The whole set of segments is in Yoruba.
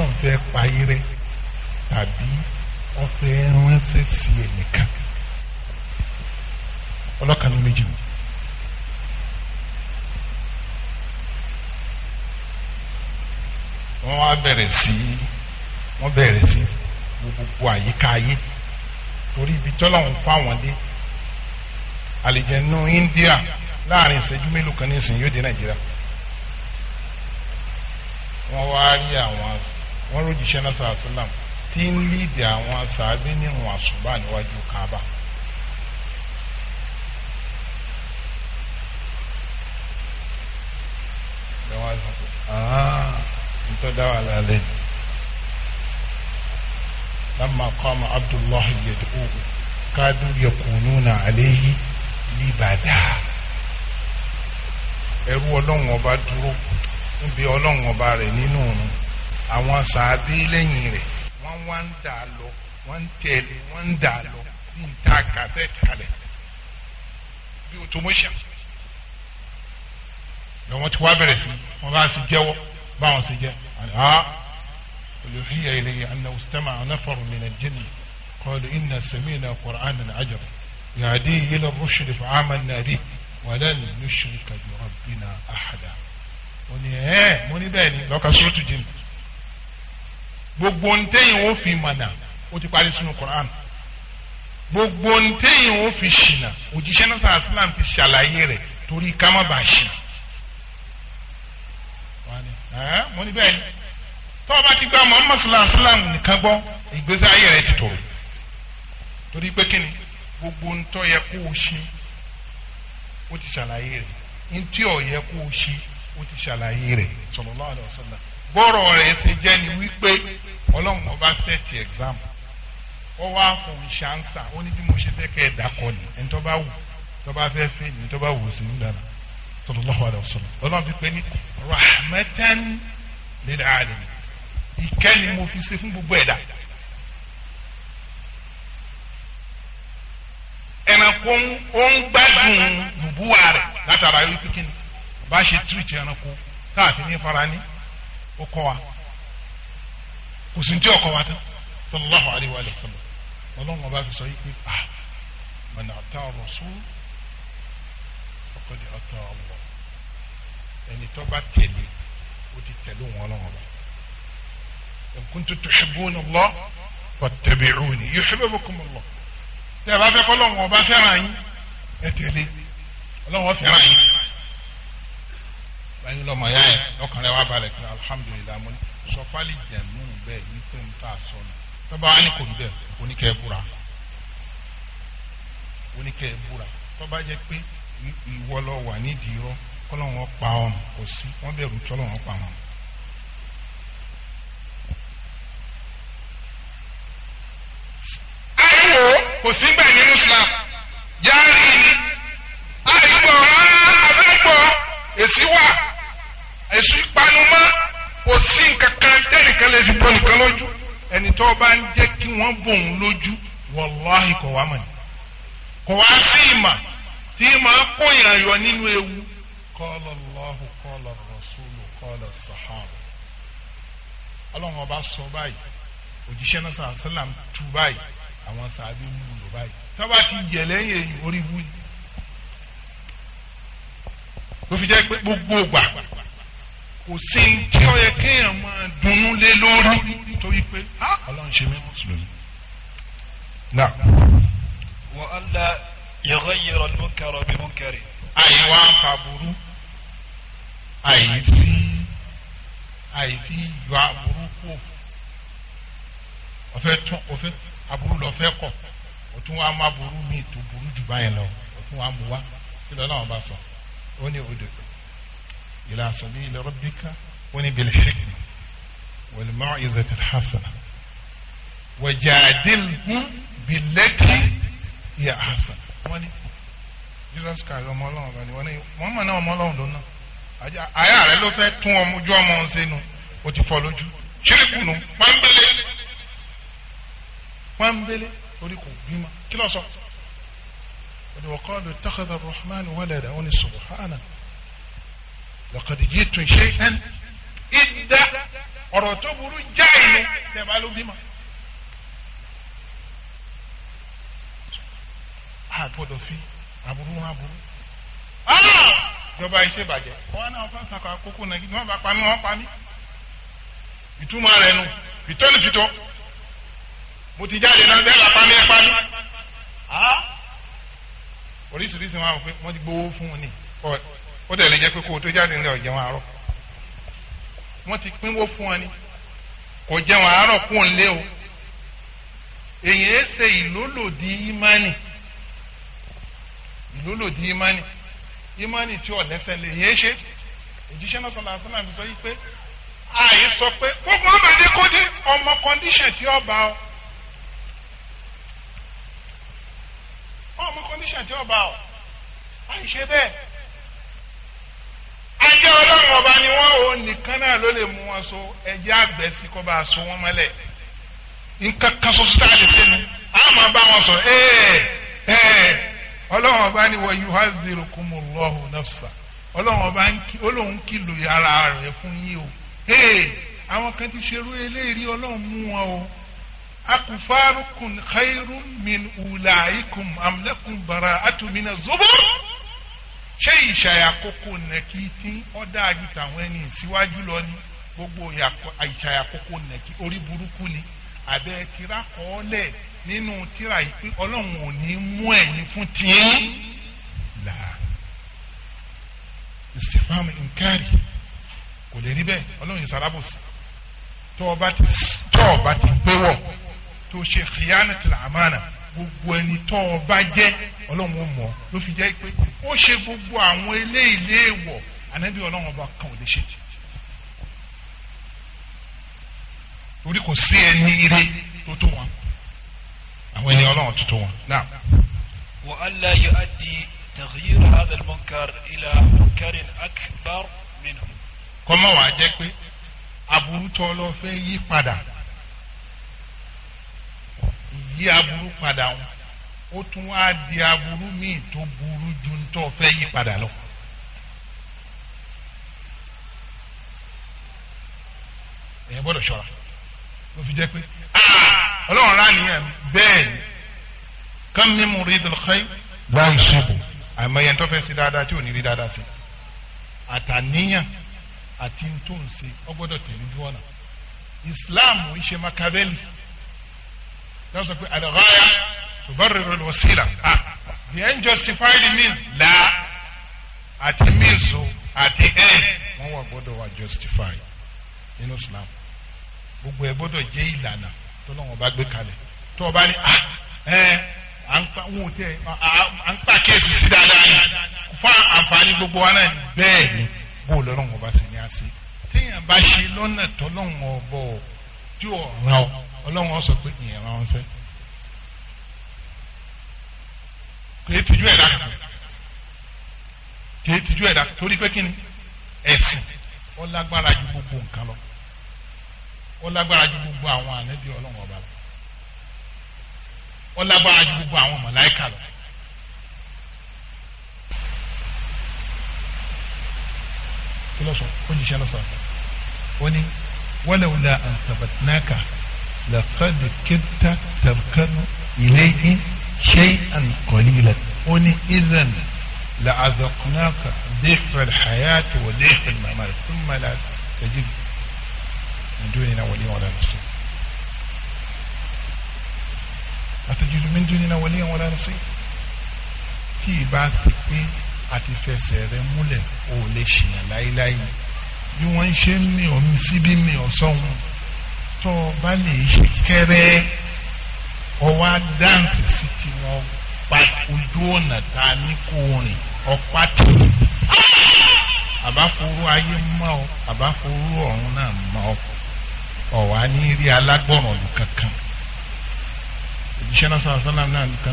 lóun fẹ́ payé rẹ tàbí ọfẹ́ ránṣẹ́ sí ẹnìkan ọlọ́kanu méjì mi. wọ́n wá bẹ̀rẹ̀ sí wọ́n bẹ̀rẹ̀ sí gbogbo àyíká ayé torí ibi tọ́lọ́hún fáwọn dé àlìjẹ̀nu India láàrin ìṣẹ́jú mélòó kan nísìnyí yóò dé Nàìjíríà wọ́n wá rí àwọn wọ́n rójìṣẹ́ náà sàlám tí ń lídìí àwọn sàábé nírun àṣùbà níwájú kaaba. nítorí dáwà lálẹ́ yìí lamma qama abdullahi yad'uhu kadu yakununa alayhi libada ẹrú ọlọ́run níbi nínú àwọn sàábí lẹ́yìn rẹ̀ wọ́n wá ń dà lọ wọ́n ń tẹ̀lé wọ́n ń dà lọ ní ìta kàtẹ́ẹ̀tì kalẹ̀ bí automation ni wọ́n ti wá bẹ̀rẹ̀ sí wọ́n bá sì jẹ́wọ́ báwọn sì jẹ́ àá olùhíyà ilayya annahu istama'a nafarun min al-jinni qalu inna sami'na qur'anan ajaba yahdi ila ar-rushdi fa'amanna bihi wa lan nushrika bi rabbina ahada. mo ní ẹ́ mo ní bẹ́ẹ̀ ni lọ́ka sọ́tù jìnnà gbogbo ntẹ́yìn ó fi mọ̀nà ó ti parí sínú Quran gbogbo ntẹ́yìn ó fi ṣìnà òjíṣẹ́ náà sàn islam ti ṣàlàyé rẹ̀ torí ká má bàa ṣìnà. mo ní bẹ́ẹ̀ ni tó o bá ti gba Muhammad sallallahu alayhi wa sallam nìkan gbọ́ ìgbésẹ̀ ayé rẹ̀ ti tòrò torí pé kí ni gbogbo ntọ́ yẹ kó o ṣe ó ti ṣàlàyé rẹ̀ ntí ọ̀ yẹ kó o ṣe ó ti ṣàlàyé rẹ̀ sallallahu alayhi wa sallam bọ́rọ̀ rẹ̀ ṣe jẹ́ ni wípé ọlọ́run ọba ṣẹ́ẹ̀tì exam ó wá fún un ṣáńsà ó ní bí mo ṣe fẹ́ kẹ́ ẹ̀ dákọ ni ẹni tó bá wù tó bá fẹ́ fẹ́ ni tó bá wù sí nígbàdàn sallallahu alaihi wasallam ọlọ́run fi pé ní rahmatan lil alamin ìkẹ́ ni mo fi ṣe fún gbogbo ẹ̀dá. ẹranko ó ń gbádùn nùbúwa rẹ̀ látara yóò pé kí ni bá ṣe tírìtì ẹranko káàfin ní fara ó kọ́ wa kò sí ní tí ọkọ̀ wa tán sallallahu alayhi wa sallam ọlọ́run ọba fi sọ yìí pé ah man ata rasul faqad ata Allah ẹni tó bá tẹ̀lé ó ti tẹ̀lé wọn ọlọ́run ọba in kuntum tuhibbuna Allah fattabi'uni yuhibbukum Allah tẹ́ ẹ bá fẹ́ kọ́ ọlọ́run ọba fẹ́ràn yín ẹ tẹ̀lé ọlọ́run ọ fẹ́ràn yín báyìí lọ́mọ ya ẹ̀ ọkàn rẹ̀ wá balẹ̀ pé alihamudulilayi mo ní sọfálì jẹ̀mú bẹ́ẹ̀ ní pé n ta sọnù tọ́ba wa ní kò ní bẹ́ẹ̀ oníkẹ́ búra oníkẹ́ búra tọ́ba jẹ́ pé ìwọ lọ wà nídìí rọ kọ́lọ́wọ́n pa ọ̀nà kò sí wọ́n bẹ̀rù tọ́lọ́wọ́n pa ọ̀nà. kò sí bẹ́ẹ̀ Islam jáde. sí nǹkan kan tẹ́nìkan lè fi bọ́ nìkan lójú ẹni tó bá ń jẹ́ kí wọ́n bò ń lójú wàláhì kò wá mọ̀ ní. kò wá sí ìmà tí ìmà kóyàn yọ nínú ewu kọ́lọ̀ lọ́hù kọ́lọ̀ rọ̀ṣúlù kọ́lọ̀ sàhábà. ọlọ́run ọba sọ báyìí òjíṣẹ́ náà sàn sílám tu báyìí àwọn sàbí ń wúlò báyìí tó bá ti jẹ lẹ́yìn èyí orí wú ló fi jẹ́ gbogbo ògbà kò sí tí ó yẹ kéèyàn máa dunnú lé lórí torí pé ọlọ́run ṣe mí mùsùlùmí. na. wa alla yaghayyira al-munkara bi munkari. àyíwá àfàbùrú àyífi àyífi yọ àbúrú kù ọ̀fẹ́ tún ọ̀fẹ́ àbúrú lọ́fẹ́ kọ̀ ọ̀tún wa má burú mi tó burú jù báyẹn lọ ọ̀tún wa mú wa kí lọ́la wọn bá sọ ó ní odò. إلى سبيل ربك وني بالحكمة والموعظة الحسنة وجادلهم بالتي هي أحسن وني Jesus Christ ọmọ Ọlọ́run ọba ni wọn ní wọn mọ náà ọmọ Ọlọ́run ló ná àyà rẹ ló fẹ́ tún ọmọ ojú ọmọ ọhún sínú o ti fọ́ lójú ṣírìkù nù pọnbélé pọnbélé orí kò bímọ kí ló sọ. ọ̀dọ̀ wọ́n kọ́ rahman wọlé rẹ̀ wọ́n ní subhanahu lọ́kọ̀dé yìí tún ṣe ẹn ìdá ọ̀rọ̀ tó burú jáì ni tẹ̀bá ló bímọ. a gbọ́dọ̀ fi aburú wọn aburú. ìjọba iṣẹ́ ìbàjẹ́ wọn náà fẹ́ sàkó àkókò náà kí wọ́n bá pa mí wọ́n pa mí. ìtumọ̀ rẹ̀ nù fìtọ́ ni fìtọ́ mo ti jáde náà bẹ́ẹ̀ la pa mí ẹ pa mí. oríṣiríṣi wọn àwọn pé wọ́n ti gbowó fún un ní ó dẹ̀ lè jẹ́ pé kó o tó jáde ńlẹ̀ ọ̀jẹ̀ wọn àárọ̀ wọ́n ti pínwó fún wọn ni kò jẹun àárọ̀ kó ń lé o èyàn ẹ ṣe ìlólòdì ìmánì ìlólòdì ìmánì ìmánì tí ò lẹ́sẹ̀ lè yẹn ṣe òjíṣẹ́ náà sọ̀rọ̀ àṣẹ náà fi sọ yìí pé àyè sọ pé gbogbo ọmọdé kó dé ọmọ kọ́ndíṣàn tí ọba ọ ọmọ kọ́ndíṣàn tí ọba ọ àìṣe bẹ́ẹ̀ ajẹ́ ọlọ́run ọba ni wọ́n ò nìkan náà ló lè mú wọn so ẹ̀jẹ̀ àgbẹ̀ sí kó bá a so wọn mọ́lẹ̀ nǹkan kan ṣoṣo tá a lè ṣe nu a máa bá wọn sọ ẹ ẹ ọlọ́run ọba ni wọ́n yóò hàzìrì kún mu lọ́hùn nafsa ọlọ́run ọba olóhùn kìlọ̀ ara rẹ̀ fún yín o àwọn kan ti ṣerú eléyìí ọlọ́run mú wọn o akufarukun khairun min ulaikum amlakum bara'atu mina zubur ṣé ìṣàyàkókò nàkìtì ọ̀dà àjù tàwọn ẹni síwájú lọ ní gbogbo ìṣàyàkókò nàkì orí burúkú ni àbẹ kíra kọ́ọ́lẹ̀ nínú tíra yìí pé ọlọ́run ò ní mú ẹ̀yìn fún tiyín là istifam nkari kò lè rí bẹ́ẹ̀ ọlọ́run ìsàlábòsì tó o bá ti gbéwọ̀ tó ṣe khiyanat al gbogbo ẹni tọ́ ọ bá jẹ́ ọlọ́run ó mọ̀ ló fi jẹ́ pé ó ṣe gbogbo àwọn eléyìí léèwọ̀ ànábì ọlọ́run ọba kan ò lè ṣe. torí kò sí ẹni ire tó tó wọn àwọn ẹni ọlọ́run tó tó wọn náà. wa alla yu'addi taghyir hadha al-munkar ila akbar minhu. kọ́mọ́ wàá jẹ́ pé aburú tọ́ lọ fẹ́ yí padà yí aburú padà wọn ó tún wá di aburú míì tó burú ju ntọ́ fẹ́ yí padà lọ. èèyàn gbọ́dọ̀ ṣọ́ra ló fi jẹ́ pé ah, ọlọ́run rà nìyẹn bẹ́ẹ̀ ni kam min muridul khayr la yusibu àmọ́ yẹn tó fẹ́ sí dáadáa tí ò ní rí dáadáa sí àtàníyàn àti ntòǹsì ọgbọ́dọ̀ tẹ̀lé ju ọ̀nà Islam ń ṣe náà sọ pé àlọ́gáyà tubarriru alwasila ah the end justify the means la at the means o at the end wọ́n wà gbọ́dọ̀ wà justify nínú Islam gbogbo ẹ̀ gbọ́dọ̀ jẹ́ ìlànà tó lọ́wọ́ bá gbé kalẹ̀ tó o bá ní ah ẹ eh, à ń pa wọn tẹ à ń pa kéésì sí dáadáa yìí fún àǹfààní gbogbo wa náà bẹ́ẹ̀ ni bó o lọ́rùn wọn bá sì ní àṣẹ téèyàn bá ṣe lọ́nà tó lọ́wọ́ bọ̀ tí o ràn ọ́ ọlọ́run ọ sọ pé ìyẹn máa ń sẹ́ kìí tijú ẹ̀dá kìí tijú ẹ̀dá torí pé kí ni ẹ̀sìn ó lágbára ju gbogbo nǹkan lọ ó lágbára ju gbogbo àwọn ànábì ọlọ́run ọba lọ ó lágbára ju gbogbo àwọn màláíkà lọ. kí ló sọ ó ní iṣẹ́ lọ́sọ̀ọ́sọ̀ ó ní wọ́lẹ̀ wúlẹ̀ àǹtàbàtìnáàkà. لقد كدت تركن إليه شيئا قليلا قل إذا لعذقناك ضيق الحياة وضيق الممات ثم لا تجد من دوننا وليا ولا نصير أتجد من دوننا وليا ولا نصير في ì في sì pé àti fẹsẹ̀ rẹ múlẹ̀ ò lè ṣìyàn láéláé bí tó o bá lè ṣe kẹrẹ ọwọ́ dáǹsì sí ti wọn pa ojú ọ̀nà tá a ní kó rìn ọ̀pá tì í àbáforú ayé mọ́ ọ àbáforú ọ̀run náà mọ́ ọ ọ̀wá ní rí alágbọ̀ràn lù kankan òjíṣẹ́ náà sọ̀rọ̀ sọ́nà náà nìkan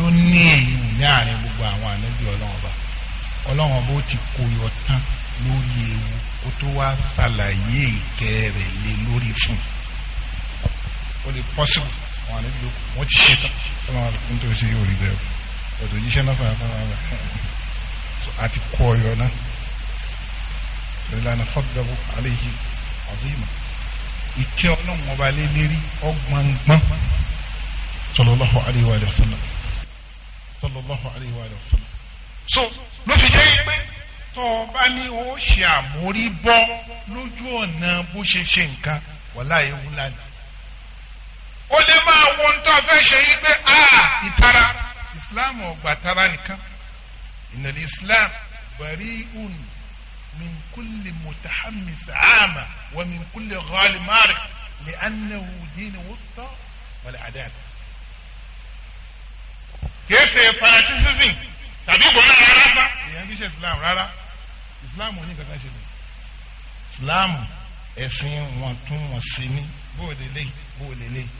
ló ní èyí ní àárín gbogbo àwọn ànábì ọlọ́run ọba ọlọ́run ọba ti kó tán lórí ewu kó tó wá ṣàlàyé ìkẹ́ rẹ̀ lé lórí fún un ó lè possible àwọn àlejò ló kù wọ́n ti ṣe tán ẹ máa rò nítorí ṣe yóò rí bẹ́ẹ̀ ọ̀dọ̀ yìí ṣe náà sọ̀rọ̀ fún ara so àti kọ ọ̀yọ́ náà ìlànà fọ́gbẹ́bù aléyìí ọ̀dọ́ ìkẹ́ ọlọ́run ọba lé ọgbọ̀ngbọ̀n sallallahu alayhi wa sallam sallallahu alayhi wa sallam. so ló fi jẹ́ pé tó o bá ní o ṣe àmórí bọ́ lójú ọ̀nà bó ṣe ṣe nǹkan wàláyé wúlá ni ó lè máa wo ń tọ́ fẹ́ ṣe yí pé a ah, ìtara islam ọgbà tara nìkan ìnàlẹ́ islam bari un min kulli mutahammis ama wa min kulli ghali mari li annahu dini wusta wala adab. kìí ṣe fanatism tàbí gbọ́n náà rárá sá. èèyàn islam rárá islam ò ní kankan ṣe islam ẹ̀sìn wọn tún wọn sí ní bóòlélẹ́yìn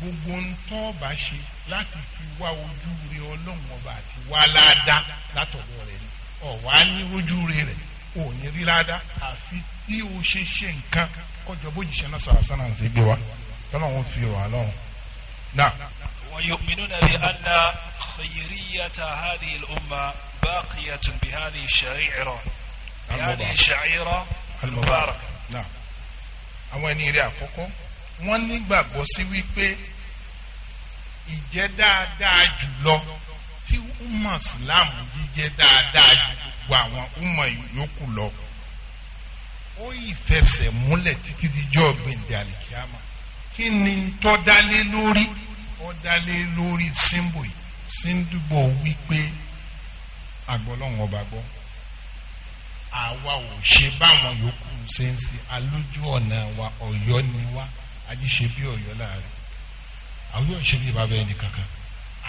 gbogbo ń tọ́ bá ṣe láti fi wá ojú rẹ ọlọ́run ọba àti wá ládàá látọ̀dọ̀ rẹ ni ọ̀wá ní ojú rẹ rẹ ò rí ládàá àfi tí o ṣe ṣe nǹkan kọjọ bójìṣẹ́ náà sàrásà náà ṣe gbé wa tọ́lọ́run fi rọ̀ àlọ́run náà. ويؤمنون بأن خيرية هذه الأمة باقية بهذه الشعيرة بهذه الشعيرة المباركة. نعم. àwọn ẹni rẹ àkọ́kọ́ wọ́n nígbàgbọ́ sí wípé ìjẹ́ dáadáa jùlọ tí umma islam jíjẹ́ dáadáa jù gbogbo àwọn umma yòókù lọ ó ìfẹsẹ̀ múlẹ̀ títí dijọ́ gbèndé àlìkíyàmà kí ni tó dálé lórí ó dálé lórí símbò yìí síndúgbò wípé agbọ́lọ́hún ọba gbọ́ àwa ò ṣe báwọn yòókù ṣe ń ṣe alójú ọ̀nà wa ọ̀yọ́ ni wa ajíṣe bí ọ̀yọ́ láàrin àwọn òṣèlú yìí bá bẹ́ẹ̀ ní kankan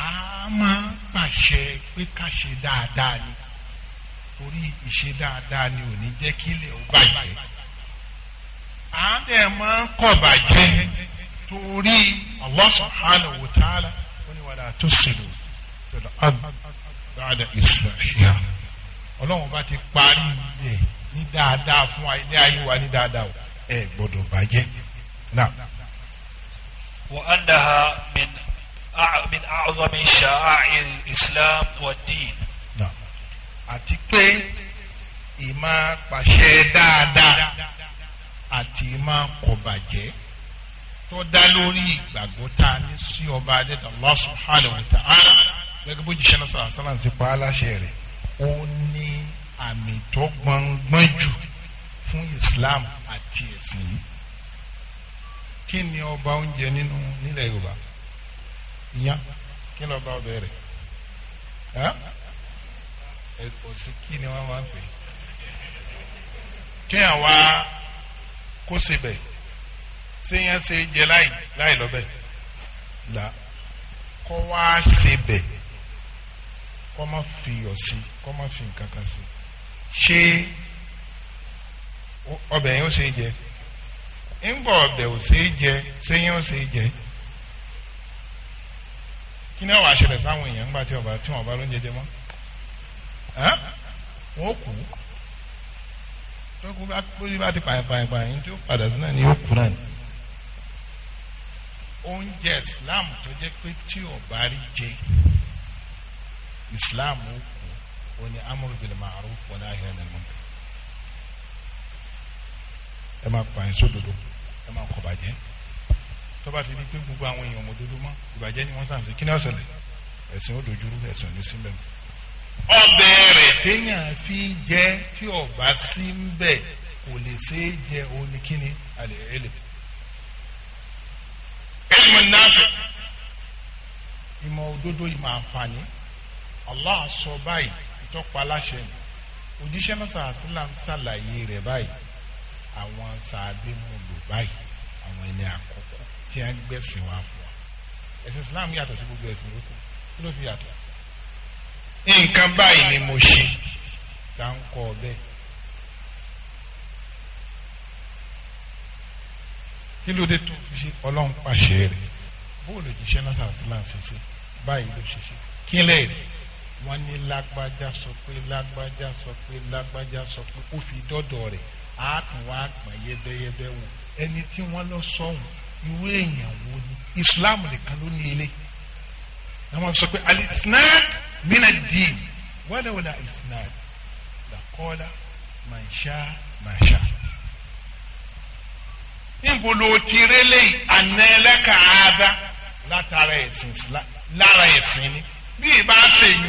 a máa pàṣẹ pé ká ṣe dáadáa ni torí ìṣe dáadáa ni ò ní jẹ́ kí ilẹ̀ ó bàjẹ́ à dẹ̀ máa ń kọ̀ bàjẹ́ torí Allah subhanahu wa ta'ala wọ́n ní wala tusilu fil ardi ba'da islahiha ọlọ́run bá ti parí ilẹ̀ ní dáadáa fún ilé ayé wa ní dáadáa ẹ gbọ́dọ̀ bàjẹ́ náà. وأنها من من أعظم شعائر الإسلام والدين نعم àti pé ìmá pàṣẹ dáadáa àti ìmá kọ̀bàjẹ́ tó dá lórí ìgbàgbọ́ tá a ní sí ọba adéta Allah subhanahu wa ta'ala gẹ́gẹ́ bó jíṣẹ́ náà sọ̀rọ̀ sọ́lá ti pa á láṣẹ rẹ̀ ó ní àmì tó gbọ̀ngbọ̀n jù fún Islam àti ẹ̀sìn yìí kí ni ọba oúnjẹ nínú nílẹ̀ yorùbá ìyá kí ni ọba ọbẹ̀ rẹ̀ ẹ kò sí kí ni wọ́n máa ń pè kéèyàn wá kó sebẹ̀ séyàn ṣe jẹ láì láì lọ́bẹ̀ là kọ́ wá sebẹ̀ kọ́ má fi iyọ̀ sí kọ́ má fi nǹkan kan sí ṣé ọbẹ̀ yẹn ó ṣe jẹ ńgbọ̀ ọbẹ̀ ò ṣeé jẹ ṣéyìn ò ṣeé jẹ kí ni wàá ṣẹlẹ̀ sáwọn èèyàn ńgbà tí ọba tí wọn bá ló ń jẹjẹ mọ́ wọn kú tọ́kù bá kú bá ti pààyàn pààyàn pààyàn tí ó padà sí náà ni ó kú náà ni. oúnjẹ Islam tó jẹ́ pé tí ọba rí jẹ Islam ó kú ó ní amúrú bil ma'ruf wa nahy anil munkar ẹ máa pààyàn sódodo. So ẹ máa kọ̀ bàjẹ́ tó bá ti di pé gbogbo àwọn èèyàn mọ̀dodo mọ́ ìbàjẹ́ ni wọ́n sàn sí kí ni ọ̀sẹ̀lẹ̀ ẹ̀sìn ó dojúrú ẹ̀sìn ò ní sí mbẹ́ ọbẹ̀ rẹ̀ téèyàn fi jẹ́ tí ọba sí mbẹ́ kò lè ṣe é jẹ òní kí ni alẹ́ ẹ̀lẹ́. ẹ̀sìn náà fẹ́. ìmọ̀ òdodo ìmọ̀ àǹfààní Allah sọ báyìí ìtọ́pọ̀ aláṣẹ òjíṣẹ́ náà sàlàyé rẹ̀ báyìí àwọn sàábé mú lò báyìí àwọn ẹni àkọ́kọ́ tí wọ́n gbẹ̀sìn wá fún wa ẹ̀sìn Islam yàtọ̀ sí gbogbo ẹ̀sìn yòókù kí ló fi yàtọ̀ nǹkan báyìí ni mo ṣe tá ń kọ́ ọ bẹ́ẹ̀ kí ló dé tó fi ṣe ọlọ́run pàṣẹ rẹ̀ bóòlù jíṣẹ́ náà sàásìláà ṣe ṣe báyìí ló ṣe ṣe kí lẹ́ẹ̀ rí wọ́n ní lágbájá sọ pé lágbájá sọ pé lágbájá sọ pé ó fi dọ́dọ̀ rẹ̀ a tún wá pọ̀ yẹ́bẹ́yẹ́bẹ́ wò ẹni tí wọ́n lọ sọ̀hún irú èèyàn wo ni Islam nìkan ló ní ilé àwọn sọ pé al-isnad mina ad-din wala wala isnad laqala man sha ma sha. níbo ló ti rélé ànẹ́lẹ́kà ádá látara ẹ̀sìn lára ẹ̀sìn ni bí ìbá ṣèyún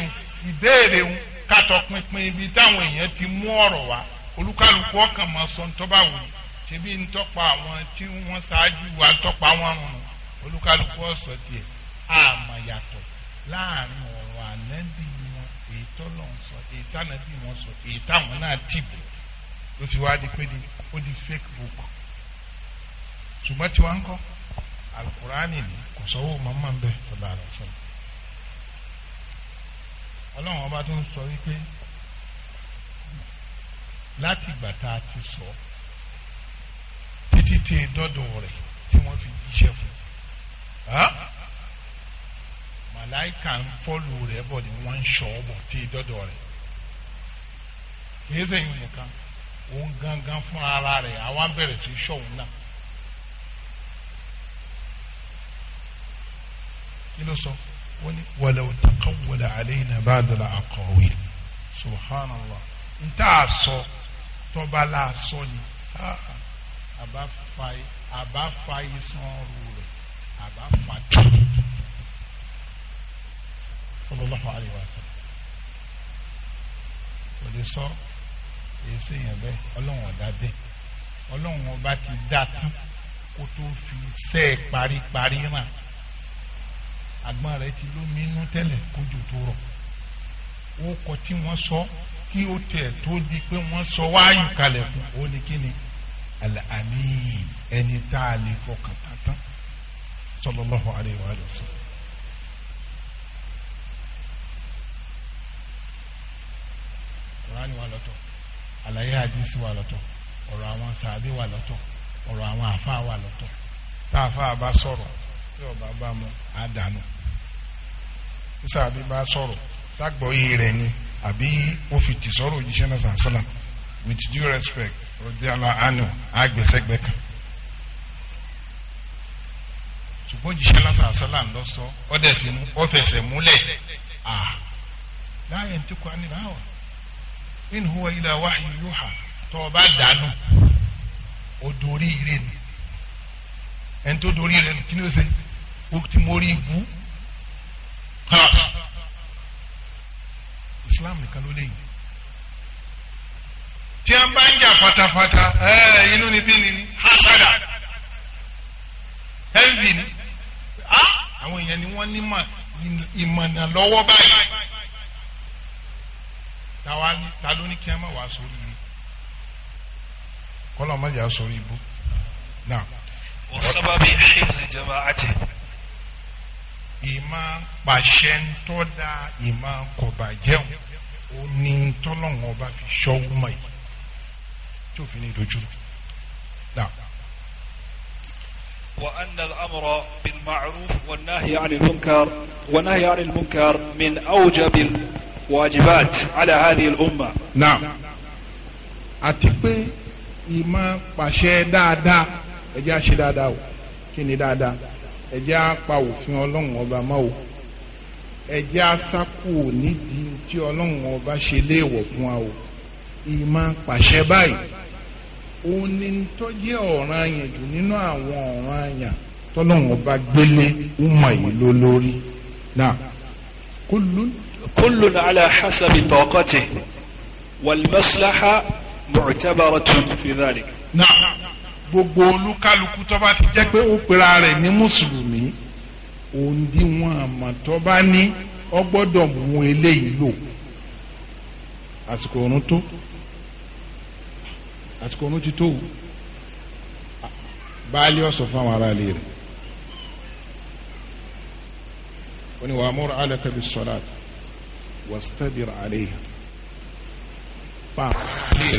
ìbéèrè ń kàtọ́ pinpin ibi táwọn èèyàn ti mú ọ̀rọ̀ wá olúkálùkù ọkàn máa sọ ntọ́ba wò ni ṣebí ntọ́pa àwọn tí wọ́n ṣáájú wa ntọ́pa wọn rùn olúkálùkù ọ̀sọ̀ tiẹ̀ àmọ̀ yàtọ̀ láàrin ọ̀rọ̀ ànábì wọn èyí tọ́lọ̀ ń sọ èyí tànábì wọn sọ èyí táwọn náà tì bò ló fi wá di pé ni ó di fake book ṣùgbọ́n tí wọ́n ń kọ́ alukurani ni kò sọ́wọ́ màmá ń bẹ̀ sọ̀rọ̀ àlọ́ sọ̀rọ̀ ọlọ́run ọba tó ń sọ wípé láti ìgbà tá a ti sọ títí tẹ dọ́dọ̀ rẹ̀ tí wọ́n fi jíṣẹ́ fún màláìka ń fọ́lù rẹ̀ bọ̀ ni wọ́n ń ṣọ́ bọ̀ tẹ dọ́dọ̀ rẹ̀ èyí nìkan òun gangan fún ara rẹ̀ àwa bẹ̀rẹ̀ sí ṣọ́hún náà kí ló sọ wọ́n ní wàlẹ̀ òtàkọ́ wàlẹ̀ àlẹ́ yìí náà bá dọ̀la àkọ̀wé subhanallah n tá sọ. So, tọ́ba la sọ ni ah. àbá fa àbá fa isan ọrù rẹ̀ àbá fa tó sallallahu alaihi wa sallam kò lè sọ èyí sèyàn bẹ́ẹ̀ ọlọ́run ọ̀dà bẹ́ẹ̀ ọlọ́run ọba ti dá tán kó tó fi sẹ́ paríparí ràn agbọ́n rẹ̀ ti lómi inú kójú tó rọ̀ ó kọ tí wọ́n sọ kí o tẹ̀ tó di pé wọ́n sọ wáyù kalẹ̀ fún o ní kíni al-amin ẹni tá a lè fọkàn tán tán sallallahu alayhi wa sallam. Kùránì wà lọ́tọ̀ àlàyé hadisi wà lọ́tọ̀ ọ̀rọ̀ àwọn sàbí wà lọ́tọ̀ ọ̀rọ̀ àwọn àfa wà lọ́tọ̀ tá a fa bá sọ̀rọ̀ tí ọba bá mu àdánù sàbí bá sọ̀rọ̀ sàgbọ́yé rẹ̀ ni àbí ó fi tì sọ́rọ̀ òjíṣẹ́ náà sàṣàlà with due respect rọ̀díàlà àánú àgbẹ̀sẹ̀gbẹ̀ kan. ṣùgbọ́n òjíṣẹ́ náà sàṣàlà ń lọ sọ ọ́ dẹ̀ fi mú ọ́ fẹsẹ̀ múlẹ̀ à láyé ní tí kò á nílò àwọ̀ in huwa ila wahyu yuha tó o bá dànù o dorí ire ni ẹni tó dorí ire ni kí ni ó ṣe o ti mórí ibú Islam nìkan ló léyìn tí a bá ń jà fatafata ẹ inú ni bí ni ni hasada envy ni àwọn èèyàn ni wọ́n ní ìmọ̀nà lọ́wọ́ báyìí táwa ta ló ní kí a má wàá sórí ibu kọ́lọ́ má jà sórí ibu náà. wọ́n sábà bí hifzi jama'ati ìmọ̀ pàṣẹ ńtọ́ da ìmọ̀ kọ̀bàjẹ́hùn ó ní tọ́lọ́hún ọba fi ṣọ́wọ́ mọ̀ yìí tí òfin ní dojú rẹ̀. وأن الأمر بالمعروف والنهي عن المنكر والنهي عن المنكر من أوجب الواجبات على هذه الأمة نعم àti pé ìmọ̀ pàṣẹ dáadáa ẹ̀jẹ̀ àṣẹ dáadáa o kí ni dáadáa ẹjẹ́ á pa òfin ọlọ́run ọba mọ́ o ẹjẹ́ á sákò nídìí tí ọlọ́run ọba ṣe léèwọ̀ fún wa o ìmọ̀ pàṣẹ báyìí òun ni tó jẹ́ ọ̀ràn àyàn jù nínú àwọn ọ̀ràn àyàn tọ́lọ́run ọba gbélé ọmọ yìí ló lórí náà kullun. kullun ala hasabi taqatihi wal maslaha mu'tabaratun fi dhalik. náà gbogbo olúkálukú tó bá ti jẹ́ pé ó pera rẹ̀ ní mùsùlùmí òun dí wọn àmọ́ tó bá ní ọ gbọ́dọ̀ mú eléyìí lò àsìkò òrun tó àsìkò òrun ti tó baálé ọ̀sọ̀ fún àwọn aráàlú rẹ̀ ó ní wàá múra alẹ́ kẹ́bi sọ́lá واستدر عليها بعض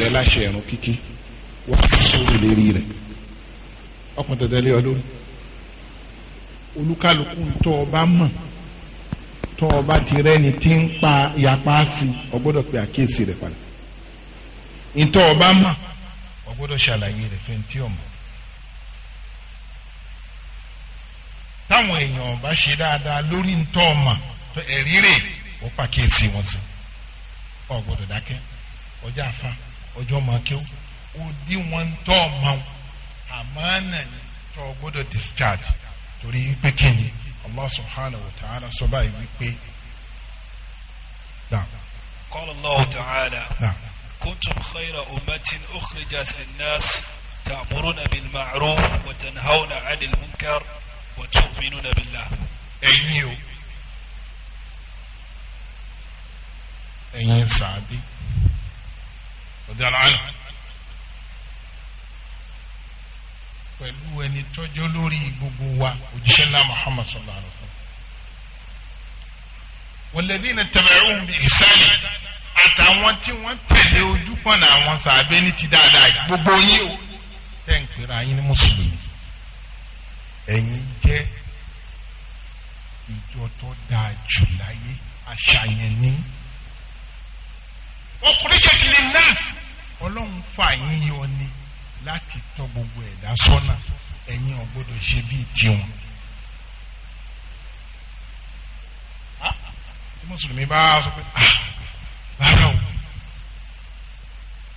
رلاشة نوكيكي وحصول لريرك ọkùnrin tẹ̀tẹ̀ lé ọ lórí olúkálukú tó o bá mọ̀ tó o bá ti rẹ́ni tí ń pa yapa sí ọ gbọ́dọ̀ pe àkíyèsí rẹ̀ padà ntọ́ o bá mọ̀ ọ gbọ́dọ̀ ṣàlàyé rẹ̀ fẹ́ tí o mọ̀ táwọn èèyàn ọba ṣe dáadáa lórí ntọ́ o mọ̀ ẹ̀rí rè ó pàkíyèsí wọn sí ọ dákẹ́ ọjọ́ àfa ọjọ́ mọ̀ọ́kẹ́ ó dín wọn ntọ́ o wọn. àmánà ni tó o gbọ́dọ̀ discharge torí wípé kíni Allah subhanahu wa ta'ala sọ báyìí wípé. قال الله تعالى كنتم خير أمة أخرجت للناس تأمرون بالمعروف وتنهون عن المنكر وتؤمنون بالله أيو أيو سعدي رضي الله عنه pẹ̀lú ẹni tọ́jọ́ lórí gbogbo wa òjíṣẹ́ ńlá Muhammad sallallahu alayhi wa sallam. walladhina taba'uhum bi ihsan àtàwọn tí wọ́n tẹ̀lé ojú kan náà àwọn sàbẹ̀ ní ti dáadáa gbogbo yín o tẹ̀ ń pera yín ní mùsùlùmí ẹ̀yin jẹ́ ìjọ tó dáa jù láyé àṣàyàn ní. ọkùnrin jẹ́ kí lè ọlọ́run fà yín yọ ni láti tọ́ gbogbo ẹ̀dá sọ́nà ẹ̀yin ò gbọ́dọ̀ ṣe bíi tiwọn. Ah, tí mùsùlùmí bá sọ pé ah, rárá o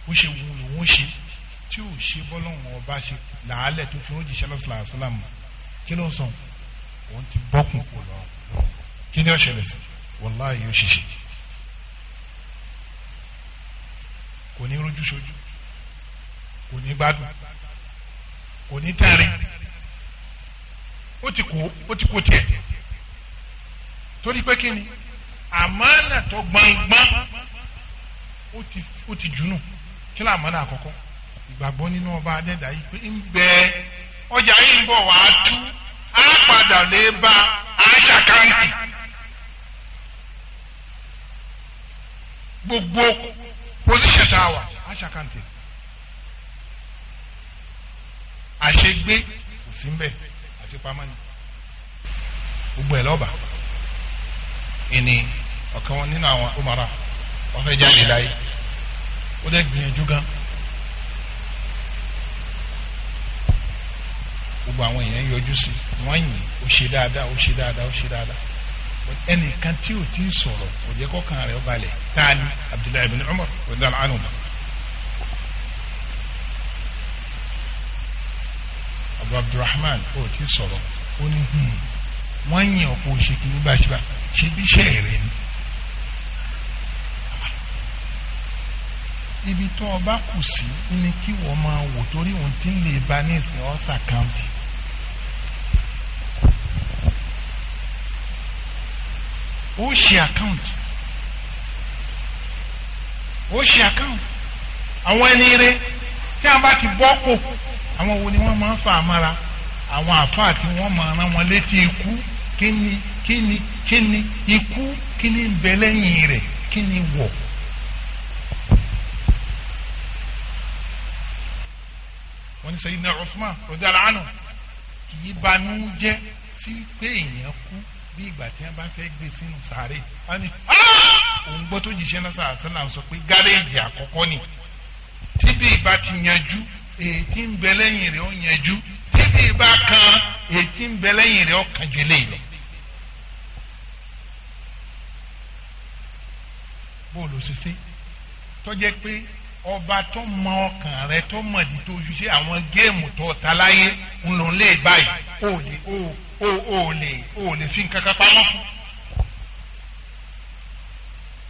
ó ṣe wù ú ó ṣe tí ò ṣe bọ́lọ́hún ọba ṣe làálẹ̀ tó fi oúnjẹ ṣẹlẹ́sì làásìlám kí ló ń sọ òun ti bọ́kùn kò lọ kí ni ó ṣẹlẹ̀ sí wàláhì yóò ṣiṣẹ́ kò ní rojú ṣojú kò ní gbádùn kò ní tẹ̀rín ó ti kó ó ti kó tiẹ̀ torí pé kí ni àmánà tó gbangban ó ti ó ti junú kí ló àmánà àkọ́kọ́ ìgbàgbọ́ nínú ọba adẹ́dà yìí pé ń bẹ ọjà yìí ń bọ̀ wàá tú á padà lè ba àṣà gbogbo pòsíṣẹ̀ tá a wà àṣà ṣe gbé kò sí mbẹ àti pamọ́ ni gbogbo ẹ̀ lọ́ba ìní ọ̀kan wọn nínú àwọn umara wọ́n fẹ́ jáde láyé ó dẹ́ gbìyànjú gan gbogbo àwọn èèyàn yọjú sí wọ́n yìn ó ṣe dáadáa ó ṣe dáadáa ó ṣe dáadáa ẹnìkan tí ò tí ì sọ̀rọ̀ kò jẹ́ kọ́kàn rẹ̀ balẹ̀ táà ní Abdullahi ibn Umar radiyallahu anhu. Abu Abdulrahman ó ti sọ̀rọ̀ ó ní hmm, wọ́n yìn ọ̀pọ̀ òṣèkì ní báṣibá ṣe bí iṣẹ́ rẹ̀ ni. ibi tó o bá kù sí ni kí wọ́n máa wò torí òun ti ń lè ba ní ìsìn ọ́sà káńtì. ó ṣe àkáǹtì ó ṣe àkáǹtì àwọn ẹni rẹ tí a bá ti bọ́ kò àwọn wo ni wọ́n máa ń fa àmọ́ra àwọn àfáà tí wọ́n máa rán wọn létí ikú kí ni kí ni kí ni ikú kí ni ń bẹ lẹ́yìn rẹ̀ kí ni wọ̀. wọ́n ní Sayyidina Uthman radiyallahu anhu kì í banú jẹ́ sí pé èèyàn kú bí ìgbà tí wọ́n bá fẹ́ gbé e sínú sàárè wọ́n òun gbọ́ tó jíṣẹ́ náà sàásánà sọ pé gáréèjì àkọ́kọ́ ni tíbi ìbá ti yanjú ètí ń bẹ lẹ́yìn rẹ̀ ó yanjú títí bá kan ètí ń bẹ lẹ́yìn rẹ̀ ó kàn jù lé lọ. bóòlù sísè tọ́jẹ́ pé ọba tó mọ ọkàn rẹ tó mọ̀ ní tó ṣiṣẹ́ àwọn géèmù tó ta láyé ń báyìí ó lè ó ó lè ó lè fi nǹkan kan pamọ́ fún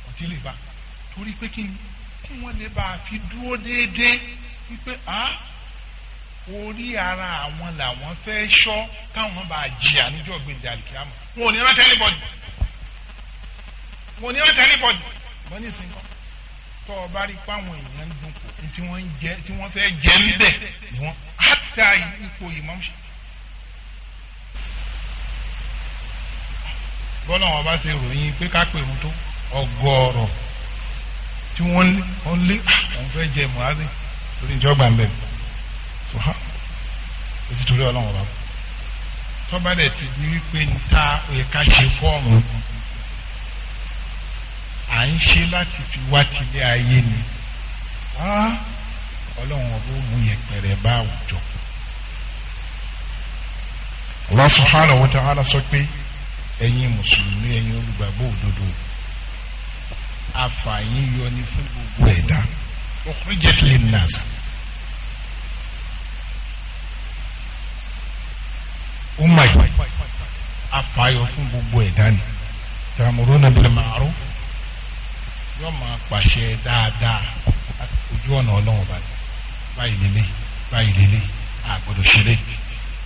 ọtí lè bá torí pé kí ni kí wọ́n lè bá a fi dúró déédéé wípé a orí ara àwọn làwọn fẹ́ ṣọ́ káwọn bá jìyà níjọ́ gbèdé àlìkíyàmù wọn ò ní rántí anybody wọn ò ní rántí anybody wọn ní ìsìnkọ́ tó o bá rí i pé àwọn èèyàn ń dun kò tí wọ́n ń jẹ tí wọ́n fẹ́ jẹ ń bẹ̀ ni wọ́n á ta ipò ìmọ̀ọ́mùsẹ̀. bọ́lá wọn bá ṣe ròyìn pé ká pèrò tó ọgọ́rọ̀ tí wọ́n lé àwọn fẹ́ jẹ mọ́ádé lórí ìjọ gbà ń bẹ̀ so ha o ti torí ọlọ́run ọba tọ́ba dẹ̀ ti di wípé ń ta òye ká ṣe fọ́ọ̀mù à ń ṣe láti fi wá tilé ayé ni ọlọ́run ọba ó mú yẹpẹrẹ bá àwùjọ. Allah subhanahu wa ta'ala sọ pé ẹ̀yin mùsùlùmí ẹ̀yin olùgbàgbọ́ òdodo àfààní yọ ni fún gbogbo ẹ̀dá ukhrijat linnas umma yìí afayọ fún gbogbo ẹ̀dá ni ta'muruna bil ma'ruf yóò máa pàṣẹ dáadáa ojú ọ̀nà ọlọ́run bá ní báyìí lélẹ̀ báyìí lélẹ̀ àgbọ̀dọ̀ ṣẹlẹ̀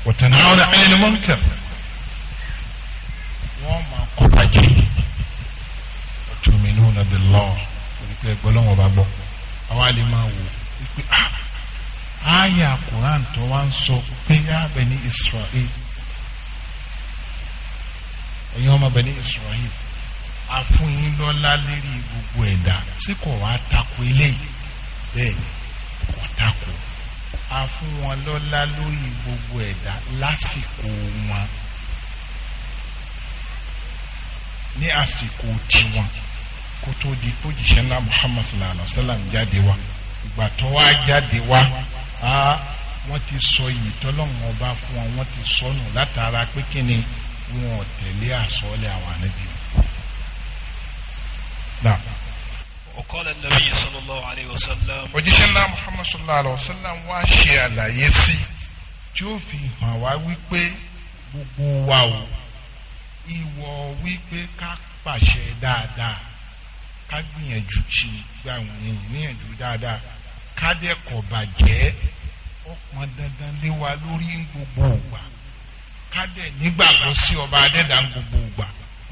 wa tanhawna 'anil munkar wọ́n máa kọ́ bàjẹ́ wa tu'minuna billah onípẹ́ àwa lè máa wò pé ah, àyà Quran tó wá ń sọ pé yá Bani Israel ẹ̀yin ọmọ Bani Israel àfúnyín lọ́lá lérí gbogbo ẹ̀dá sí kò wá tako eléyìí bẹ́ẹ̀ kò tako àfún lórí gbogbo ẹ̀dá lásìkò wọn ní àsìkò tiwọn kó tó di kó jìṣẹ́ muhammad sallallahu alayhi wa sallam jáde wa ìgbà tó wá jáde wa á wọ́n ti sọ yìí tọ́lọ́mù ọba fún wọn wọ́n ti sọnù látara pé kí ni wọn ò tẹ̀lé àsọ̀ọ́lẹ̀ àwọn ànábì wọn. وقال النبي صلى الله عليه وسلم òjíṣẹ́ ńlá muhammad sallallahu alayhi wa sallam wá ṣe àlàyé sí tí ó fi hàn wá wípé gbogbo wa o ìwọ wípé ká pàṣẹ dáadáa ká gbìyànjú ṣe gba àwọn èèyàn níyànjú dáadáa ká dẹ́kọ̀ bàjẹ́ ó pọn dandan lé wa lórí gbogbo ìgbà ká dẹ̀ nígbàgbọ́ sí ọba adẹ́dà gbogbo ìgbà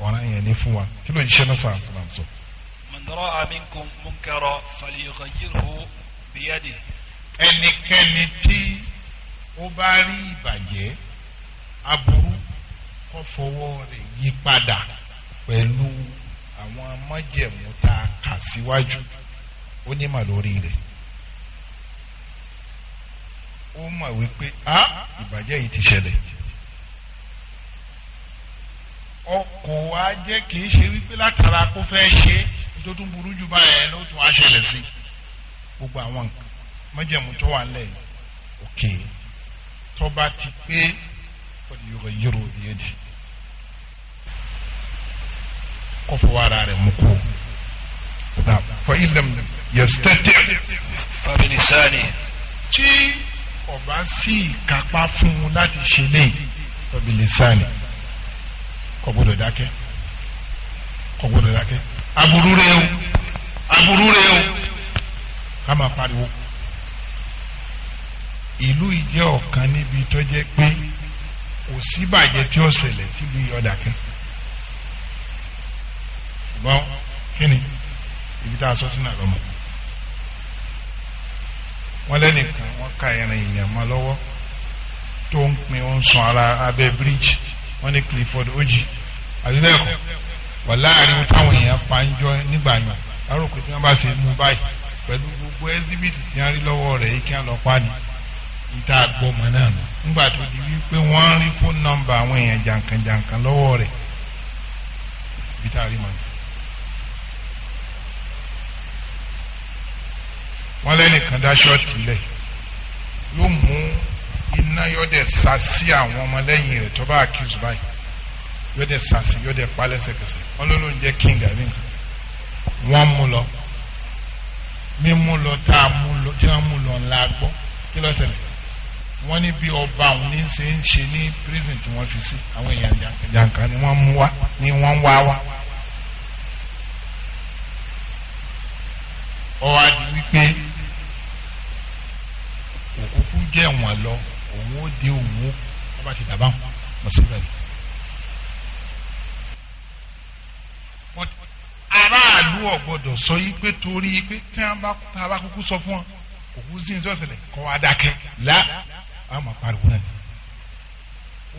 ọ̀ràn yẹn ní fún wa kí ló ń ṣe náà sàn sàn sọ. man ra'a minkum munkara falyughayyirhu biyadihi. ẹnikẹ́ni tí ó bá rí ìbàjẹ́ aburú kó fọwọ́ rẹ̀ yí padà pẹ̀lú àwọn májẹ̀mú tá a kà síwájú ó ní mà lórí rẹ̀ ó mọ̀ wípé a ìbàjẹ́ yìí ti ṣẹlẹ̀ ọkọ̀ wa jẹ́ kì í ṣe wípé látara kó fẹ́ ṣe tó tún burú jù báyẹn ló tún á ṣẹlẹ̀ sí gbogbo àwọn nǹkan tó wà nílẹ̀ òkè tó ti pé ọ̀dùnyọ̀rọ̀ yìí rò yé di kó fọwọ́ ara rẹ̀ mú kú. fa ilam yastati. fabilisani. tí ọba kapa kápá fún un láti ṣe léyìí fabilisani kò gbọdọ̀ dákẹ́ kò gbọdọ̀ dákẹ́ aburú rẹ o aburú rẹ o ká pariwo ìlú ìjẹ́ ọ̀kan níbi tó jẹ́ pé kò sí tí ó ṣẹlẹ̀ tí ìlú yọ̀ọ́ dákẹ́ ṣùgbọ́n kí ni ibi tá a sọ sínú àlọ́mọ. wọ́n lẹ́nìkan wọ́n ka ẹran ìyàn mọ́ lọ́wọ́ tó ń pin ó ń sọ ara abẹ́ bíríjì wọ́n ní Clifford Oji, àbí bẹ́ẹ̀ kọ́ wà láàrin táwọn èèyàn pa ń jọ nígbà yàn lárúkọ tí wọ́n bá ṣe mú báyìí pẹ̀lú gbogbo ẹ́síbìtì tí wọ́n rí lọ́wọ́ rẹ̀ yìí kí wọ́n lọ pa ni ìta àgbọ̀mọ̀ náà nù nígbà tó di wípé wọ́n ń rí fóònù nọ́mbà àwọn èèyàn jàǹkànjàǹkàn lọ́wọ́ rẹ̀ bí tá rí màá. wọ́n lẹ́nìkan dá ṣọ́ọ̀tì lẹ̀ yóò mú iná yọ́dẹ̀ sá sí àwọn ọmọlẹ́yìn rẹ̀ tó bá accuse báyìí yọ́dẹ̀ sá sí yọ́dẹ̀ pa lẹ́sẹ̀kẹsẹ̀ wọ́n ló ló ń jẹ́ king àbí nǹkan wọ́n mú lọ mímú lọ tá a mú lọ tí wọ́n mú lọ ńlá gbọ́ kí ló ṣẹlẹ̀ wọ́n ní bí ọba òun ní ṣe ń ṣe ní prison tí wọ́n fi sí àwọn èèyàn jàǹkà ni wọ́n mú wá ni wọ́n wá wá. ọwọ́ adi wípé òkúkú jẹ́ wọn lọ òun ó di òun ó wọ́n bá ti dàbá wọn lọ síbẹ̀. aráàlú ọ̀gbọ́dọ̀ sọ yí pé torí pé tí wọ́n bá kúkú sọ fún wọn òkú sí ní sọ́sẹ̀lẹ̀ kọ́ wa la a máa pariwo náà ni.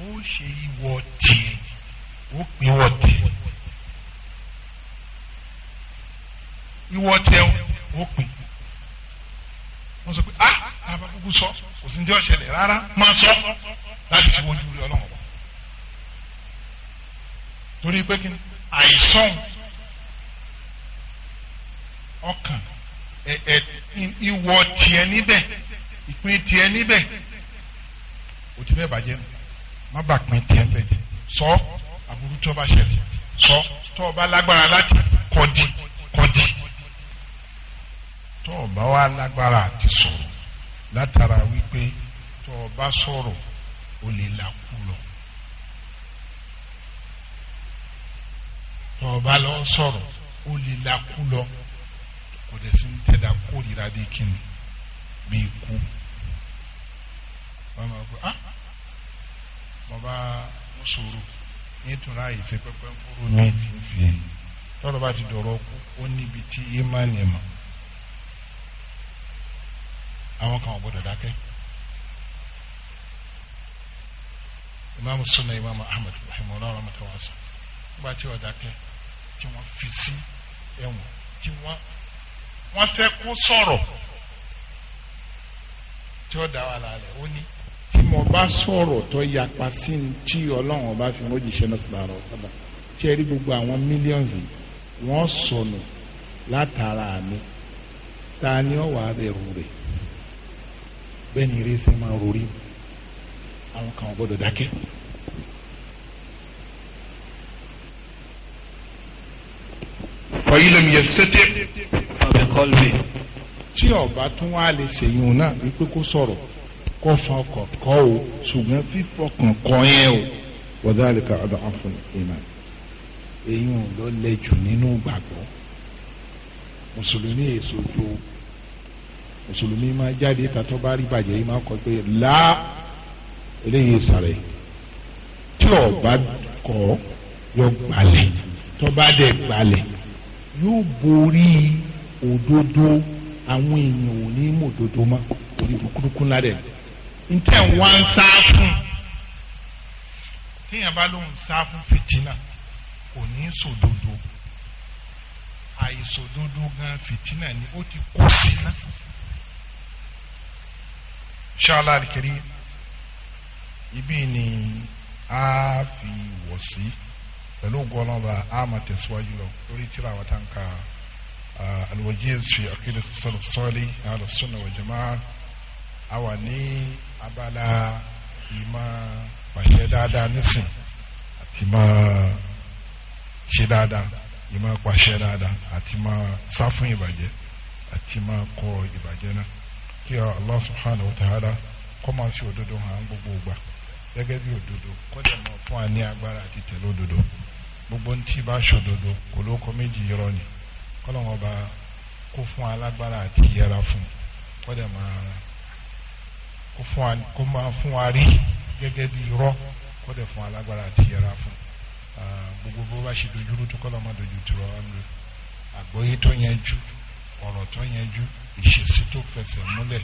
ó ṣe ìwọ tiẹ̀ ó pè wọ tiẹ̀ ìwọ tiẹ̀ ó pè mo sọ pé ah bàbá kúkú sọ kò sí ní tí ó ṣẹlẹ̀ rárá máa sọ láti fi wojú rí ọlọ́run bọ̀ torí pé kí ni àìsàn ọkàn ẹ ẹ ìwọ tiẹ̀ níbẹ̀ ìpín tiẹ̀ níbẹ̀ ó ti fẹ́ bàjẹ́ nù má bàa pín tiẹ̀ bẹ̀ jẹ́ sọ aburú tó bá ṣẹlẹ̀ sọ tó o bá lágbára láti kọ́ di kọ́ di tó o bá wà lágbára àti sọ̀rọ̀ látara wípé tó o bá sọ̀rọ̀ o lè làkú lọ. tó o bá lọ sọ̀rọ̀ o lè làkú lọ kò dẹ̀ sí tẹ̀dá kórìíra bí kíni bí kú. wọ́n máa gbọ́ ah mo bá mo sọ̀rọ̀ nítorí àyè ṣe pẹ́pẹ́ ń fúru mi ti ń tọ́lọ́ bá ti dọ̀rọ̀ kú ó níbi tí yé má nìyẹn mọ́ àwọn kan ò gbọdọ̀ dákẹ́. imaamu sunna imaamu ahmed rahimu allah rahmatu wa sa nígbà tí ó dákẹ́ tí wọ́n fi sí ẹ̀wọ̀n tí wọ́n wọ́n fẹ́ kó sọ̀rọ̀ tí ó dá wa lálẹ́ ó ní tí mo bá sọ̀rọ̀ tó yapa sí ní tí ọlọ́run ọba fi mójìṣẹ́ náà sọ̀rọ̀ àrọ̀ tí ẹ rí gbogbo àwọn mílíọ̀nù yìí wọ́n sọnù látara mi ta ni ó wà á bẹ̀rù rẹ̀ bẹ́ẹ̀ ni eré ṣe máa rori àwọn kan gbọ́dọ̀ dákẹ́. fọyín lẹ́mi yẹ sẹ́tẹ́ fàbẹ̀ kọ́lùmí. tí ọba tún wá lè ṣèyún náà wípé kó sọ̀rọ̀ kó fa ọkọ̀ kọ́ o ṣùgbọ́n fífọkàn kọ́ yẹn o. wọ́dà àlùkò àdó àfọ̀n ìmọ̀ èyí ò lọ lẹ́jù nínú gbàgbọ́ mùsùlùmí èso tó mùsùlùmí máa jáde tàtọ́ bá rí bàjẹ́ yìí máa kọ pé là eléyìí sàrẹ̀ tí ọba kọ̀ yọ gbalẹ̀ tọ́ba dẹ̀ gbalẹ̀ yóò borí òdodo àwọn èèyàn ò ní mọ̀ òdodo mọ́ orí burúkú ńlá dẹ̀ ntẹ̀ wá ń sá fún téèyàn bá lóun sá fún fìtínà kò ní sòdodo àìsòdodo gan fìtínà ni ó ti kó sínú ṣáàlá àdìkẹ́rí ibi ni a fi wọ̀ sí pẹ̀lú gọ́lọ́ba a máa tẹ̀síwájú lọ lórí tíra wa tán ka alwajiz fi akéde sọlọ́sọ́lì alùsùnà wà jama'a a wà ní abala ìmọ̀ pàṣẹ dáadáa nísìn àti ìmọ̀ ṣe dáadáa ìmọ̀ pàṣẹ dáadáa àti ìmọ̀ sáfún ìbàjẹ́ àti ìmọ̀ kọ ìbàjẹ́ náà kí Allah subhanahu wa ta'ala kó máa fi òdodo hàn gbogbo ìgbà gẹ́gẹ́ bí òdodo kó dẹ̀ mọ̀ fún wa ní agbára àti tẹ̀lé òdodo gbogbo ní tí bá ṣòdodo kò ló kọ méjì yọrọ ni kọ́lọ́wọ́n bá kó fún wa lágbára àti yẹra fún kó dẹ̀ máa kó fún wa kó máa fún wa rí gẹ́gẹ́ bí irọ́ kó dẹ̀ fún wa lágbára àti yẹra fún gbogbo bó bá ṣe dojúrú tó kọ́lọ́wọ́n má dojú tìrọ̀ àgbọ̀yé tó yẹn jù ọ̀rọ̀ tó yanjú ìṣesí tó fẹsẹ̀ múlẹ̀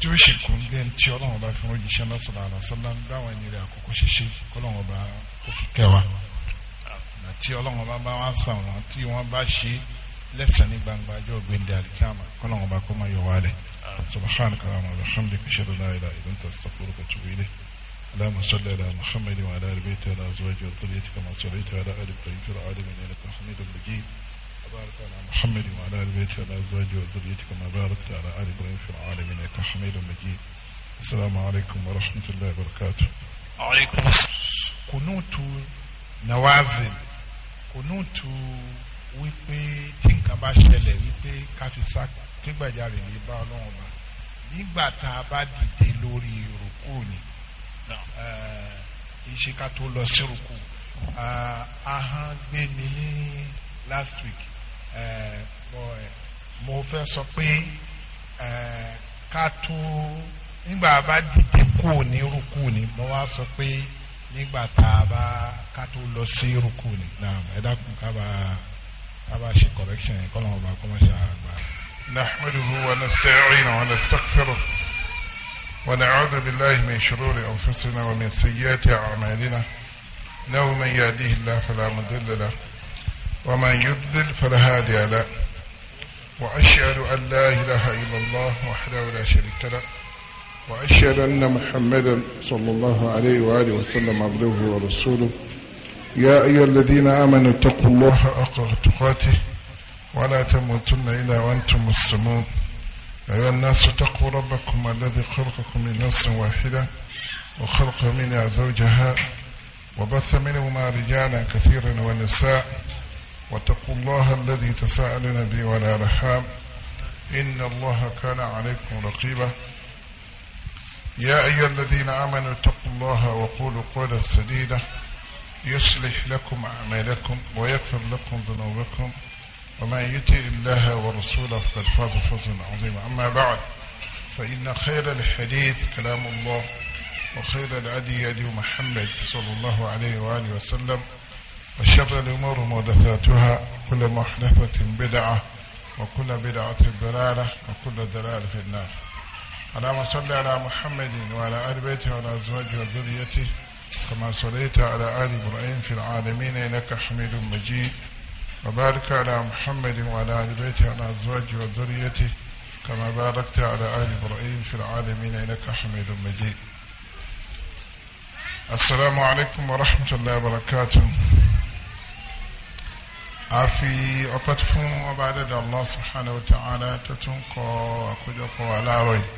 tí ó ṣe kún dé tí ọlọ́run bá fi wọ́n jíṣẹ́ náà sọ̀rọ̀ àlàsọ́lá ń dáwọn ẹni rẹ̀ àkókò ṣiṣẹ́ kọ́lọ́run bá ó fi kẹ́ wa àti ọlọ́run bá bá wọn sàn wọn tí wọ́n bá ṣe lẹ́sẹ̀ ní gbangba ọjọ́ gbẹ̀ndẹ̀ àdìkàmà kọ́lọ́run bá kó máa yọ wá lẹ̀ subhanaka wa bihamdika ashhadu an la ilaha illa anta astaghfiruka wa atubu ilayk اللهم صل على محمد وعلى ال بيته وعلى ازواجه وذريته كما صليت على ال ابراهيم في العالمين انك حميد مجيد وبارك على محمد وعلى آل بيته وعلى أزواجه وذريته كما باركت على آل إبراهيم في العالمين إنك حميد مجيد السلام عليكم ورحمة الله وبركاته وعليكم السلام كنوت نوازن. كنوت wípé tí nǹkan bá ṣẹlẹ̀ wípé ká fi sá kígbàjarè ní bá ọlọ́run ọba nígbà tá a bá dìde lórí rúkú ni kì í ṣe ká tó lọ sí rúkú ahọ́n gbé mi ní last week mo fẹ́ sọ pé ká tó nígbà bá dìde kú ní rúkú ni mo wá sọ pé nígbà tá a bá ká tó lọ sí rúkú ni naam ẹ dákun ká bá ká bá ṣe correction yẹn kọ́ ló ń ṣe àgbà. نحمده ونستعينه ونستغفره ونعوذ بالله من شرور أنفسنا ومن سيئات أعمالنا إنه من يهديه الله فلا مضل له ومن يضلل فلا هادي له وأشهد أن لا إله إلا الله وحده لا شريك له وأشهد أن محمدا صلى الله عليه وآله وسلم عبده ورسوله يا أيها الذين آمنوا اتقوا الله حق تقاته ولا تموتن إلا وأنتم مسلمون أيها الناس اتقوا ربكم الذي خلقكم من نفس واحدة وخلق منها زوجها وبث منهما رجالا كثيرا ونساء واتقوا الله الذي تساءلون به ولا رحام إن الله كان عليكم رقيبا يا أيها الذين آمنوا اتقوا الله وقولوا قولا سديدا يصلح لكم أعمالكم ويغفر لكم ذنوبكم ومن يطع الله ورسوله فقد فاز فوزا عظيما أما بعد فإن خير الحديث كلام الله وخير الأدي هدي محمد صلى الله عليه وآله وسلم وشر الأمور محدثاتها وكل محدثة بدعة وكل بدعة ضلالة وكل ضلالة في النار اللهم صل على محمد وعلى آل بيته وعلى أزواجه وذريته كما صليت على آل إبراهيم في العالمين إنك حميد مجيد وبارك على محمد وعلى آل بيته وعلى أزواجه وذريته كما باركت على آل إبراهيم في العالمين إنك حميد مجيد السلام عليكم ورحمة الله وبركاته a fi ọpẹ́ fún ọba adẹ́dàá Allah subhanahu wa ta'ala tó tún kọ àkójọpọ̀ aláàárọ̀ yìí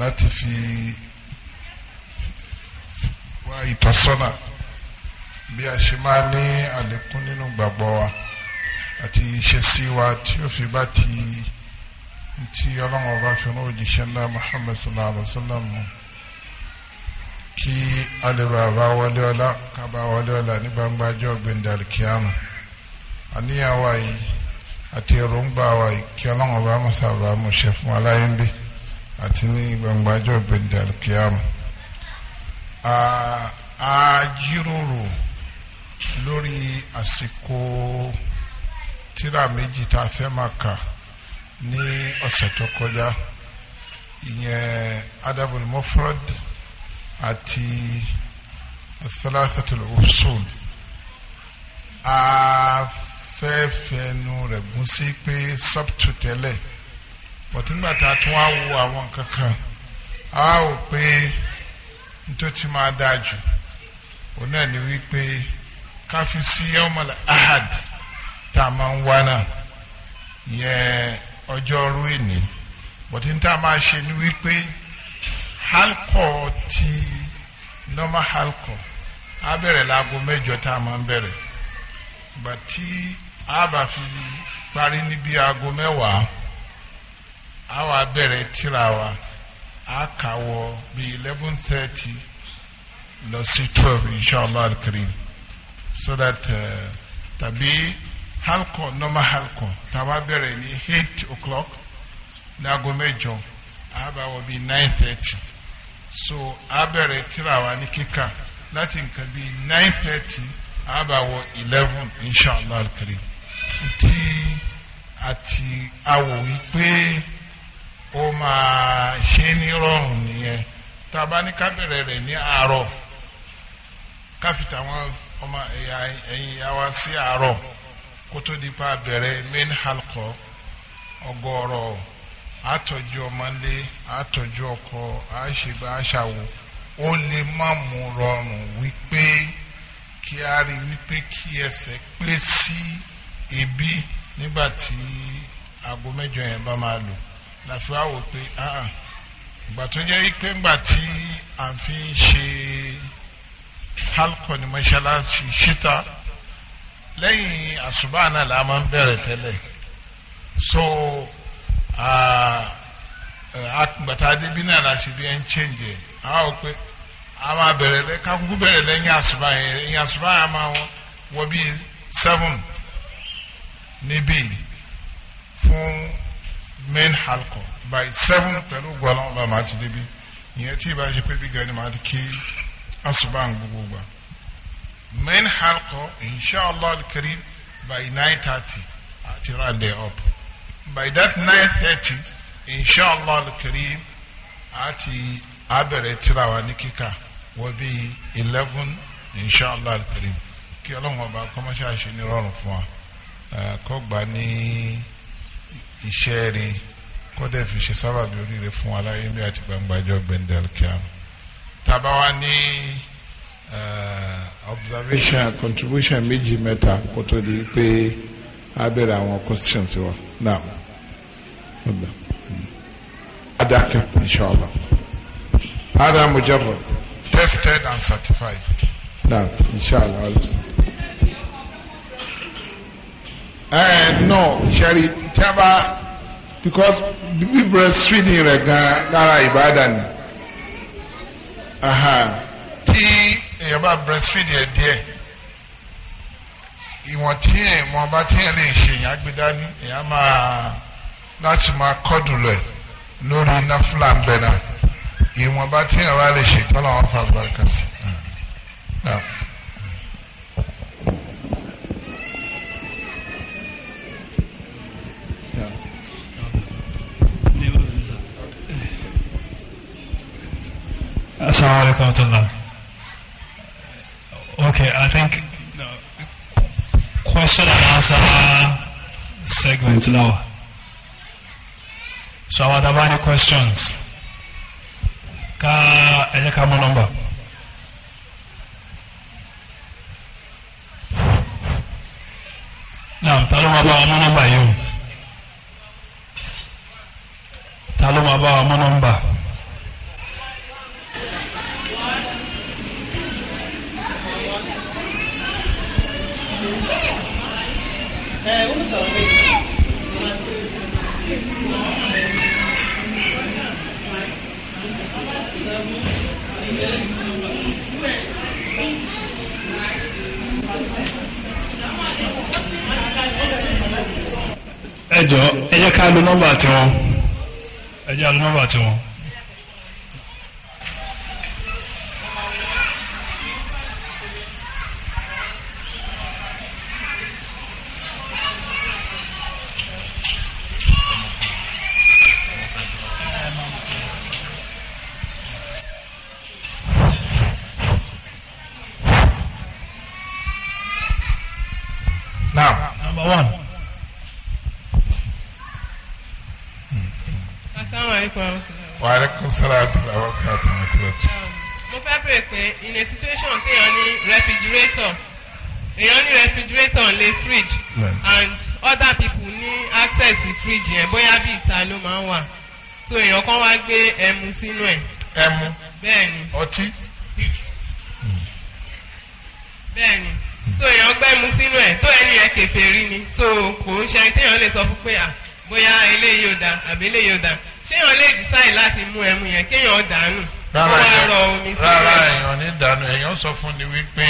láti fi wá ìtọ́sọ́nà bí a ṣe máa ní àlékún nínú gbàgbọ́ wa àti ìṣesí wa tí ó fi bá ti tí ọlọ́run ọba fi ní ńlá Muhammad sallallahu alayhi wa sallam kí alẹ́ bàbá wọlé ọlá kábà wọlé ọlá ní gbangba ọjọ́ gbẹ̀ndàlì kíámù àníyàn wa yìí àti èròǹgbà wa yìí kí ọlọ́run bá mọ̀sá bá mọ̀ ṣe fún aláyé ń bí àti ní gbangba ọjọ́ ìgbẹ́ndẹ̀ àlùkìyàmù. a jíròrò lórí àsìkò tíra méjì tá a fẹ́ máa kà ní ọ̀sẹ̀ tó kọjá ìyẹn adabul mufrad àti thalathatul usul. a fẹ́ fẹnu rẹ̀ gún sí pé sọ́pùtù tẹ́lẹ̀ bọ̀tí nígbà tá a tún wá wo àwọn nǹkan kan a ó pé nítorí tí máa dáa jù òun náà ni wípé ká fi sí yawmal ahad tá a máa ń wá náà yẹn ọjọ́rú èní bọ̀tí ní tá máa ṣe ni wípé halkọ ti normal halkọ á bẹ̀rẹ̀ láago mẹ́jọ tá a máa ń bẹ̀rẹ̀ bàtí a bá fi parí níbi aago mẹ́wàá a wá bẹ̀rẹ̀ tírà wa a kà wọ bí eleven thirty lọ sí twelve inshallah al so that uh, tàbí halkọ normal halkọ tàbá bẹ̀rẹ̀ ní eight o'clock ní aago mẹ́jọ a bá wọ bí nine thirty so a bẹ̀rẹ̀ tírà wa ní kíkà láti nǹkan bí nine thirty a bá wọ eleven inshallah al tí àti awò wípé ó máa ṣe ní rọrùn nìyẹn tá a bá ní ká bẹ̀rẹ̀ rẹ̀ ní àárọ̀ ká fi ọmọ ẹ̀yìn ya wá sí àárọ̀ kó tó di pa bẹ̀rẹ̀ main halkọ ọgọ́rọ̀ àtọ́jú ọmọlé àtọ́jú ọkọ àṣègbè àṣàwò ó lè má mú rọrùn wípé kí a rí wípé kí ẹsẹ̀ pé sí. Si, ibi nígbà tí aago mẹ́jọ yẹn bá máa lò la fi wá wò pé ìgbà tó jẹ́ pé ńgbà tí à ń fi ṣe halkọ ní mọ́ṣáláṣí ṣíta lẹ́yìn àṣùbà náà la máa ń bẹ̀rẹ̀ tẹ́lẹ̀ so àgbàtà débí náà la ṣe bí ẹ̀ ń chẹ́ǹjẹ̀ a ó pé a máa bẹ̀rẹ̀ lẹ́ bẹ̀rẹ̀ lẹ́yìn àṣùbà yẹn ẹ̀yìn àṣùbà yẹn a máa wọ bíi seven níbí fún main halkọ by seven pẹ̀lú gbọ́láwọn bá máa ti débi ìyẹn tí ìbá ṣe pé bí gani máa ti kí asuban gbogbo gbà main halkọ inshallah al-karim by nine thirty àti rande up by that nine thirty inshallah al-karim àti abẹ̀rẹ̀ tirawa ní kíkà wọ́n bí eleven inshallah al-karim kí ọlọ́run ọba kọ́mọ́ṣáṣe ní rọrùn fún wa kọ́gbà ní iṣẹ́ rẹ̀ kọ́dẹ̀ fi ṣe sábàbí oríire fún aláyé bí àti gbangbajọ́ gbendel kiam tàbá wa ní observation contribution méjì mẹ́ta kó tó di pé a bẹ̀rẹ̀ àwọn questions wa naam adaka inshallah hada mujarrad tested and certified naam inshallah ẹ eh, no ṣẹ́rí tí a bá because bí breastfeeding rẹ̀ gan lára ìbáàdà ni tí èèyàn bá breastfeed ẹ̀ díẹ̀ ìwọ̀n tí èèmọ̀ bá tí èèyàn lè ṣe èèyàn agbẹ́dání èèyàn máa láti máa kọ́dùn lọ ẹ̀ lórí iná fúlàn bẹ́ẹ̀ náà ìwọ̀n bá tí èèyàn bá lè ṣe ìtọ́lọ́wọ́n fà Assalamu alaikum warahmatullah. Okay, I think question and answer segment now. So àwọn àdàbà ní questions. Ká ẹ mo number. mú nọ́mbà. Naam, ta ló máa bá wa mú nọ́mbà yìí o? Ta ló ẹ jọ ẹ jẹ́ ká lo nọ́mbà tiwọn ẹ jẹ́ ká lo nọ́mbà tiwọn. alaikum wa alaikum salaam wa rahmatulah. Um, mo fẹ́ bèrè pé in a situation téèyàn ní refrigerator èèyàn ní refrigerator lè fridge and other people ní access to fridge yẹn bóyá bí ìta ló máa ń wà so èèyàn kan wá gbé ẹmu sínú ẹ̀. ẹmu bẹ́ẹ̀ni ọtí. Hmm. bẹ́ẹ̀ni so èèyàn gbẹ́mu sínú ẹ̀ tó ẹni yẹn kèfèrí ni so kò ń ṣe téèyàn lè sọ fún pé à bóyá eléyìí ò dáa àbí eléyìí ò dáa ṣéyàn lè decide láti mú ẹmu yẹn kéèyàn dànù rárá èèyàn rárá èèyàn ní dànù èèyàn sọ fún ni wípé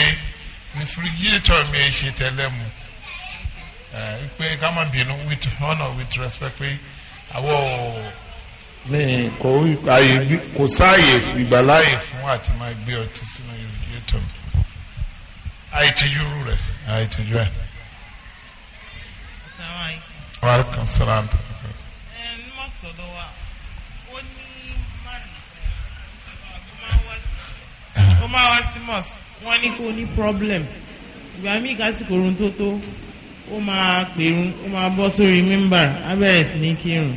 refrigerator mi ẹ ṣe tẹ́lẹ̀ mu pé ká má bínú with honour with respect pé àwọ̀ ní kò àyè kò sáàyè ìgbàláyè fún àti máa gbé ọtí sínú refrigerator mi àìtìjú rẹ̀ àìtìjú ẹ̀. Assalamu alaikum. Wa alaikum salaam. ó máa wá sí mọ́s wọ́n ní kó ní problem ìgbà míì kásìkò orun tó tó ó máa pèrún ó máa bọ́ sórí mímbà á bẹ̀rẹ̀ sí ní kírun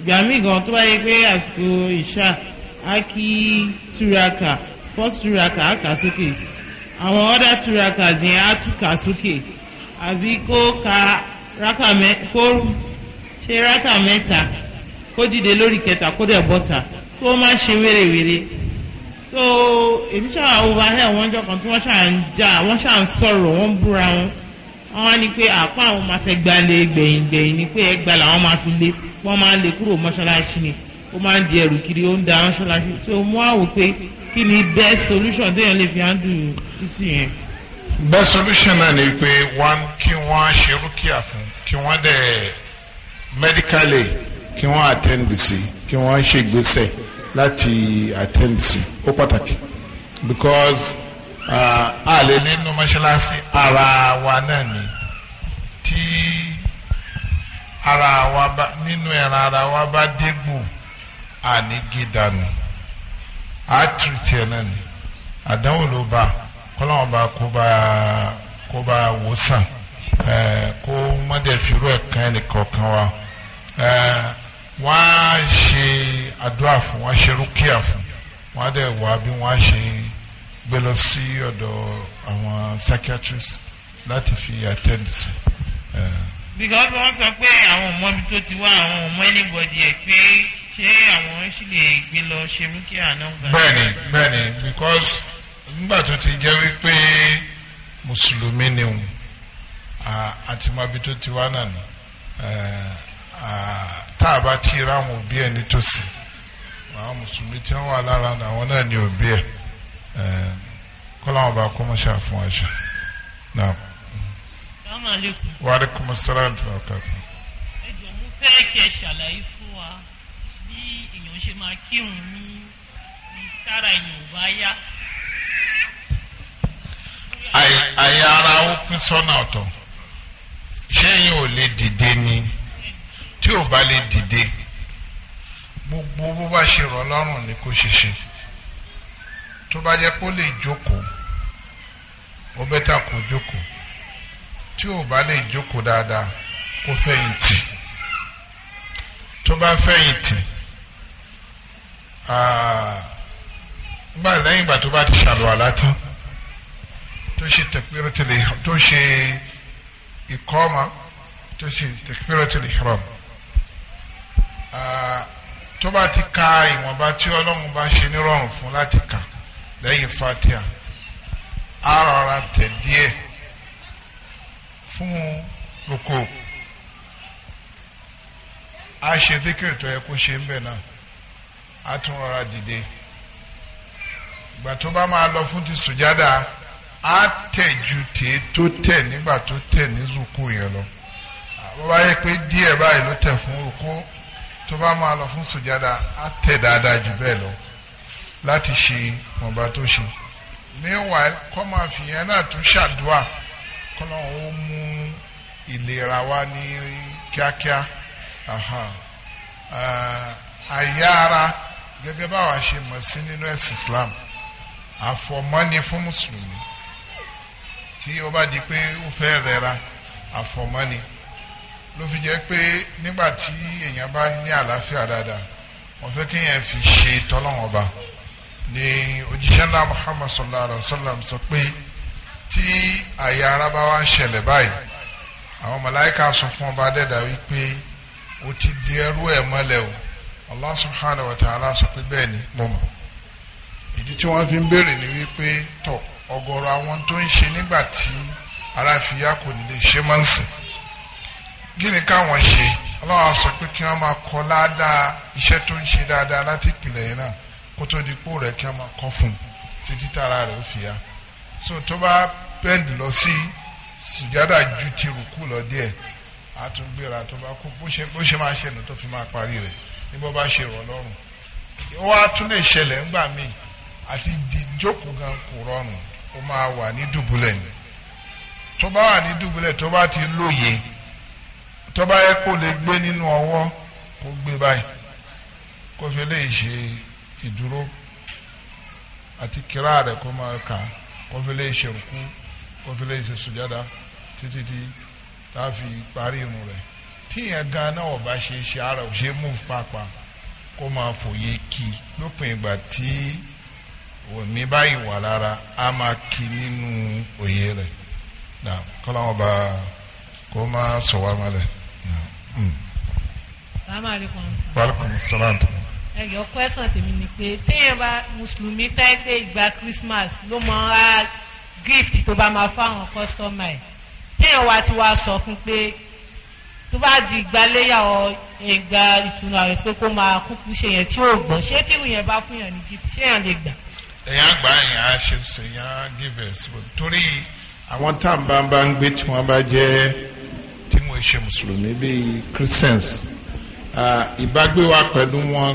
ìgbà míì gan tó bá yẹ pé àsìkò ìṣá á kí túraká first túraká á kà sókè àwọn other túrakas yẹn á tún kà sókè àbí kó ka rákà mẹ kó ṣe rákà mẹ́ta kó dìde lórí kẹta kó dẹ̀ bọ́ta kó má ṣe wérewère so èmi ṣáà overhear wọn jọ kan tí wọ́n ṣáà ń jà wọ́n ṣáà ń sọ̀rọ̀ wọ́n ń búra wọn wọ́n á ní pé àpá àwọn máa fẹ́ gbalẹ̀ gbẹ̀yìngbẹ̀yìn ni pé ẹgbà làwọn máa fi lé wọ́n máa lè kúrò mọ́ṣáláṣí ni ó máa ń di ẹrù kiri ó ń da mọ́ṣáláṣí so mo á wò pé kí ni best solution déyàn lè fi handle sísì yẹn. best solution náà ni pé wọ́n kí wọ́n ṣe rúkìá fún kí wọ́n dẹ̀ medically kí wọ́n attend sí kí wọ́n ṣègbésẹ̀ láti attend sí ó pàtàkì because uh, a lè nínú mọ́ṣáláṣí ara wa náà ni tí ara wa bá nínú ẹ̀rọ ara wa bá dégbò àní gidanu a tìrìtì ẹ̀ náà ni àdánwò ló bá kọ́láwọn bá kó bá kó bá wò sàn kó mọ́dẹ̀ fìrú ẹ̀ kan ẹnì kọ̀ọ̀kan wa. Uh, wọ́n á ṣe àdúrà fún wọ́n á ṣe rúkìá fún wọ́n á dẹ̀ wá bí wọ́n á ṣe gbé lọ sí ọ̀dọ̀ àwọn psychiatrist láti fi attend sí. because wọ́n sọ pé àwọn ọmọ ibi tó ti wá àwọn ọmọ anybody ẹ̀ pé ṣé àwọn ṣì lè gbé lọ ṣe rúkìá náà. bẹ́ẹ̀ni bẹ́ẹ̀ni because nígbà tó ti jẹ́ wípé mùsùlùmí ni òun àti mọ́bí tó ti wá náà tá a bá ti ra àwọn òbí ẹ̀ nítòsí àwọn mùsùlùmí tí wọ́n wà lára àwọn náà ní òbí ẹ̀ kọ́lá wọn bá kọ́ mọ́ ṣe àfún àṣà náà. salaamaleykum. wa aleykum salaam wa rahmatulah. ẹ jọ̀ọ́ mo fẹ́ kí ṣàlàyé fún wa bí èèyàn ṣe máa kírun ní tára èèyàn bá yá. àyà ara ó pín sọ́nà ọ̀tọ̀ ṣé èèyàn ò lè dìde ni tí ò bá lè dìde gbogbo bó bá ṣe rọ̀ lọ́rùn ni kó ṣe ṣe tó bá jẹ́ kó lè jókòó ó bẹ́tà kó jókòó tí ò bá lè jókòó dáadáa kó fẹ̀yìntì tó bá fẹ̀yìntì ah, nígbà lẹ́yìn ìgbà tó bá ti ṣàlùwàlá tán tó ṣe tẹ̀pẹ́rẹ́tẹ̀lẹ̀ tó ṣe ìkọ́mọ tó ṣe tẹ̀pẹ́rẹ́tẹ̀lẹ̀ ìhram. Ah, tó bá ti ka ìwọ̀nba tí ọlọ́run bá ṣe nírọ̀rùn fún láti kà lẹ́yìn fatia á rọra tẹ̀ díẹ̀ fún roko a ṣe díkìrì tó yẹ kó ṣe ń bẹ̀ náà a tún rọra dìde ìgbà tó bá máa lọ fún ti sùjádà á tẹ̀ ju tèé tó tẹ̀ nígbà tó tẹ̀ ní zuku yẹn lọ bó bá pé díẹ̀ báyìí ló tẹ̀ fún roko tó bá máa lọ fún sùjádà á tẹ̀ dáadáa jù bẹ́ẹ̀ lọ láti ṣe ìwọ̀nba tó ṣe meanwhile kọ́ máa fi yẹn náà tún ṣàdúà kọ́ náà ó mú ìlera wá ní kíákíá àyà ara báwa ṣe mọ̀ sí nínú ẹ̀sìn Islam àfọ̀mọ́ni fún mùsùlùmí tí ó bá di pé ó fẹ́ rẹra àfọ̀mọ́ni ló fi jẹ́ pé nígbà tí èèyàn bá ní àlàáfíà dáadáa wọ́n fẹ́ kí èèyàn fi ṣe tọ́lọ́wọ́n ọba ni òjíṣẹ́ ńlá Muhammad sallallahu alayhi wa sallam sọ pé tí àyà ara bá wá ń ṣẹlẹ̀ báyìí àwọn màláíkà sọ fún ọba adẹ́dà wípé o ti di ẹrú ẹ̀ mọ́lẹ̀ o Allah subhanahu wa ta'ala sọ pé bẹ́ẹ̀ ni mo mọ̀ ìdí tí wọ́n fi ń béèrè ni wípé tọ̀ ọ̀gọ̀rọ̀ àwọn tó ń ṣe nígbà tí ara fi yá kò ní ṣe máa ń sìn kí ni káwọn ṣe ọlọ́wọ́ sọ pé kí wọ́n máa kọ́ ládàá iṣẹ́ tó ń ṣe dáadáa láti ìpìlẹ̀ yẹn náà kó tó di pò rẹ̀ kí wọ́n máa kọ́ fún un títí tára rẹ̀ ó fi ya so tó bá bẹ́ẹ̀d lọ sí sùjádà ju ti rùkú lọ díẹ̀ àtúngbéra tó bá kú bó ṣe máa ṣe nù tó fi máa parí rẹ̀ ní bó bá ṣe rọ̀ lọ́rùn ó wá tún lè ṣẹlẹ̀ ńgbà míì àti ìjókòó gan kò rọrùn ó máa wà ní dùbúlẹ̀ tó bá wà ní dùbúlẹ̀ tó bá ti lóye tó bá yẹ kó lè gbé nínú ọwọ́ kó gbé báyìí kó fi lè ṣe ìdúró àti kíra rẹ̀ kó máa kà kó fi lè ṣe rúkú kó fi lè ṣe sùjádà títí tí tá a fi parí irun rẹ̀ tíyẹn gan náà ọba ṣe ṣe ara ṣe move pàápàá kó máa fòye kí lópin ìgbà tí òní báyìí wà lára a máa kí nínú òye rẹ̀ kọ́lá wọn bá kó máa sọ wá mọ́lẹ̀ sàmàlíkùn. wàlúkùn sàlám. ẹ jọ kwẹsàn tèmi ni pé téèyàn bá mùsùlùmí táyé pé ìgbà Christmas ló mọ ra gift tó bá máa fáwọn kọ́sítọ́mà ẹ̀ téèyàn wá ti wá sọ fún pé tó bá di ìgbàléyàwó ìgbà ìtùnú àwẹ̀ pé kó máa kúkú ṣe yẹn tí ò gbọ́ ṣé tí ìyẹn bá fún yàn ní gift ṣé yàn lè gbà. èèyàn àgbà èèyàn á ṣe ṣèyàn á give us torí àwọn tá à ń bá ń gbé tí wọ́n bá jẹ́ àwọn ìṣe mùsùlùmí bíi christians ìbágbé wa pẹ̀lú wọn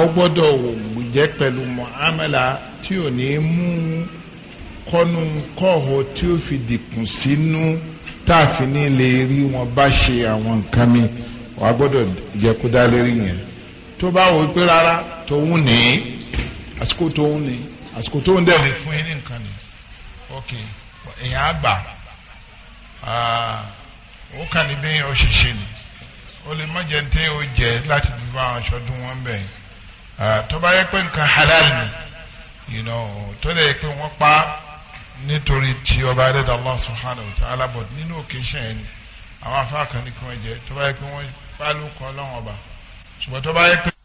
ọ gbọ́dọ̀ jẹ́ pẹ̀lú muamala tí ò ní mú kọ́nu kọ́họ tí ó fi dìkùn sínú táàfin ní lè rí wọn bá ṣe àwọn nǹkan mi wà gbọ́dọ̀ jẹ́ kó dá lérí yẹn tó bá wò pé rárá tòun ní àsìkò tòun ní àsìkò tòun dẹ̀ lè fún yín ní nǹkan ni ok èèyàn á gbà. Uh, ó kàn ní bẹ́ẹ̀ ó ṣiṣẹ́ ni ó lè má jẹ ní tẹ́ ó jẹ láti fi bá àwọn aṣọ dún wọn bẹ̀ tó bá yẹ pé nǹkan halal ni you know tó lè yẹ pé wọ́n pa nítorí tí ọba adéda Allah subhanahu wa ta'ala bọ̀ nínú occasion yẹn ni àwọn afáàkàn ní kí wọ́n jẹ tó bá yẹ pé wọ́n pálọ̀ kọ́ ọlọ́wọ́n ọba ṣùgbọ́n tó bá yẹ pé.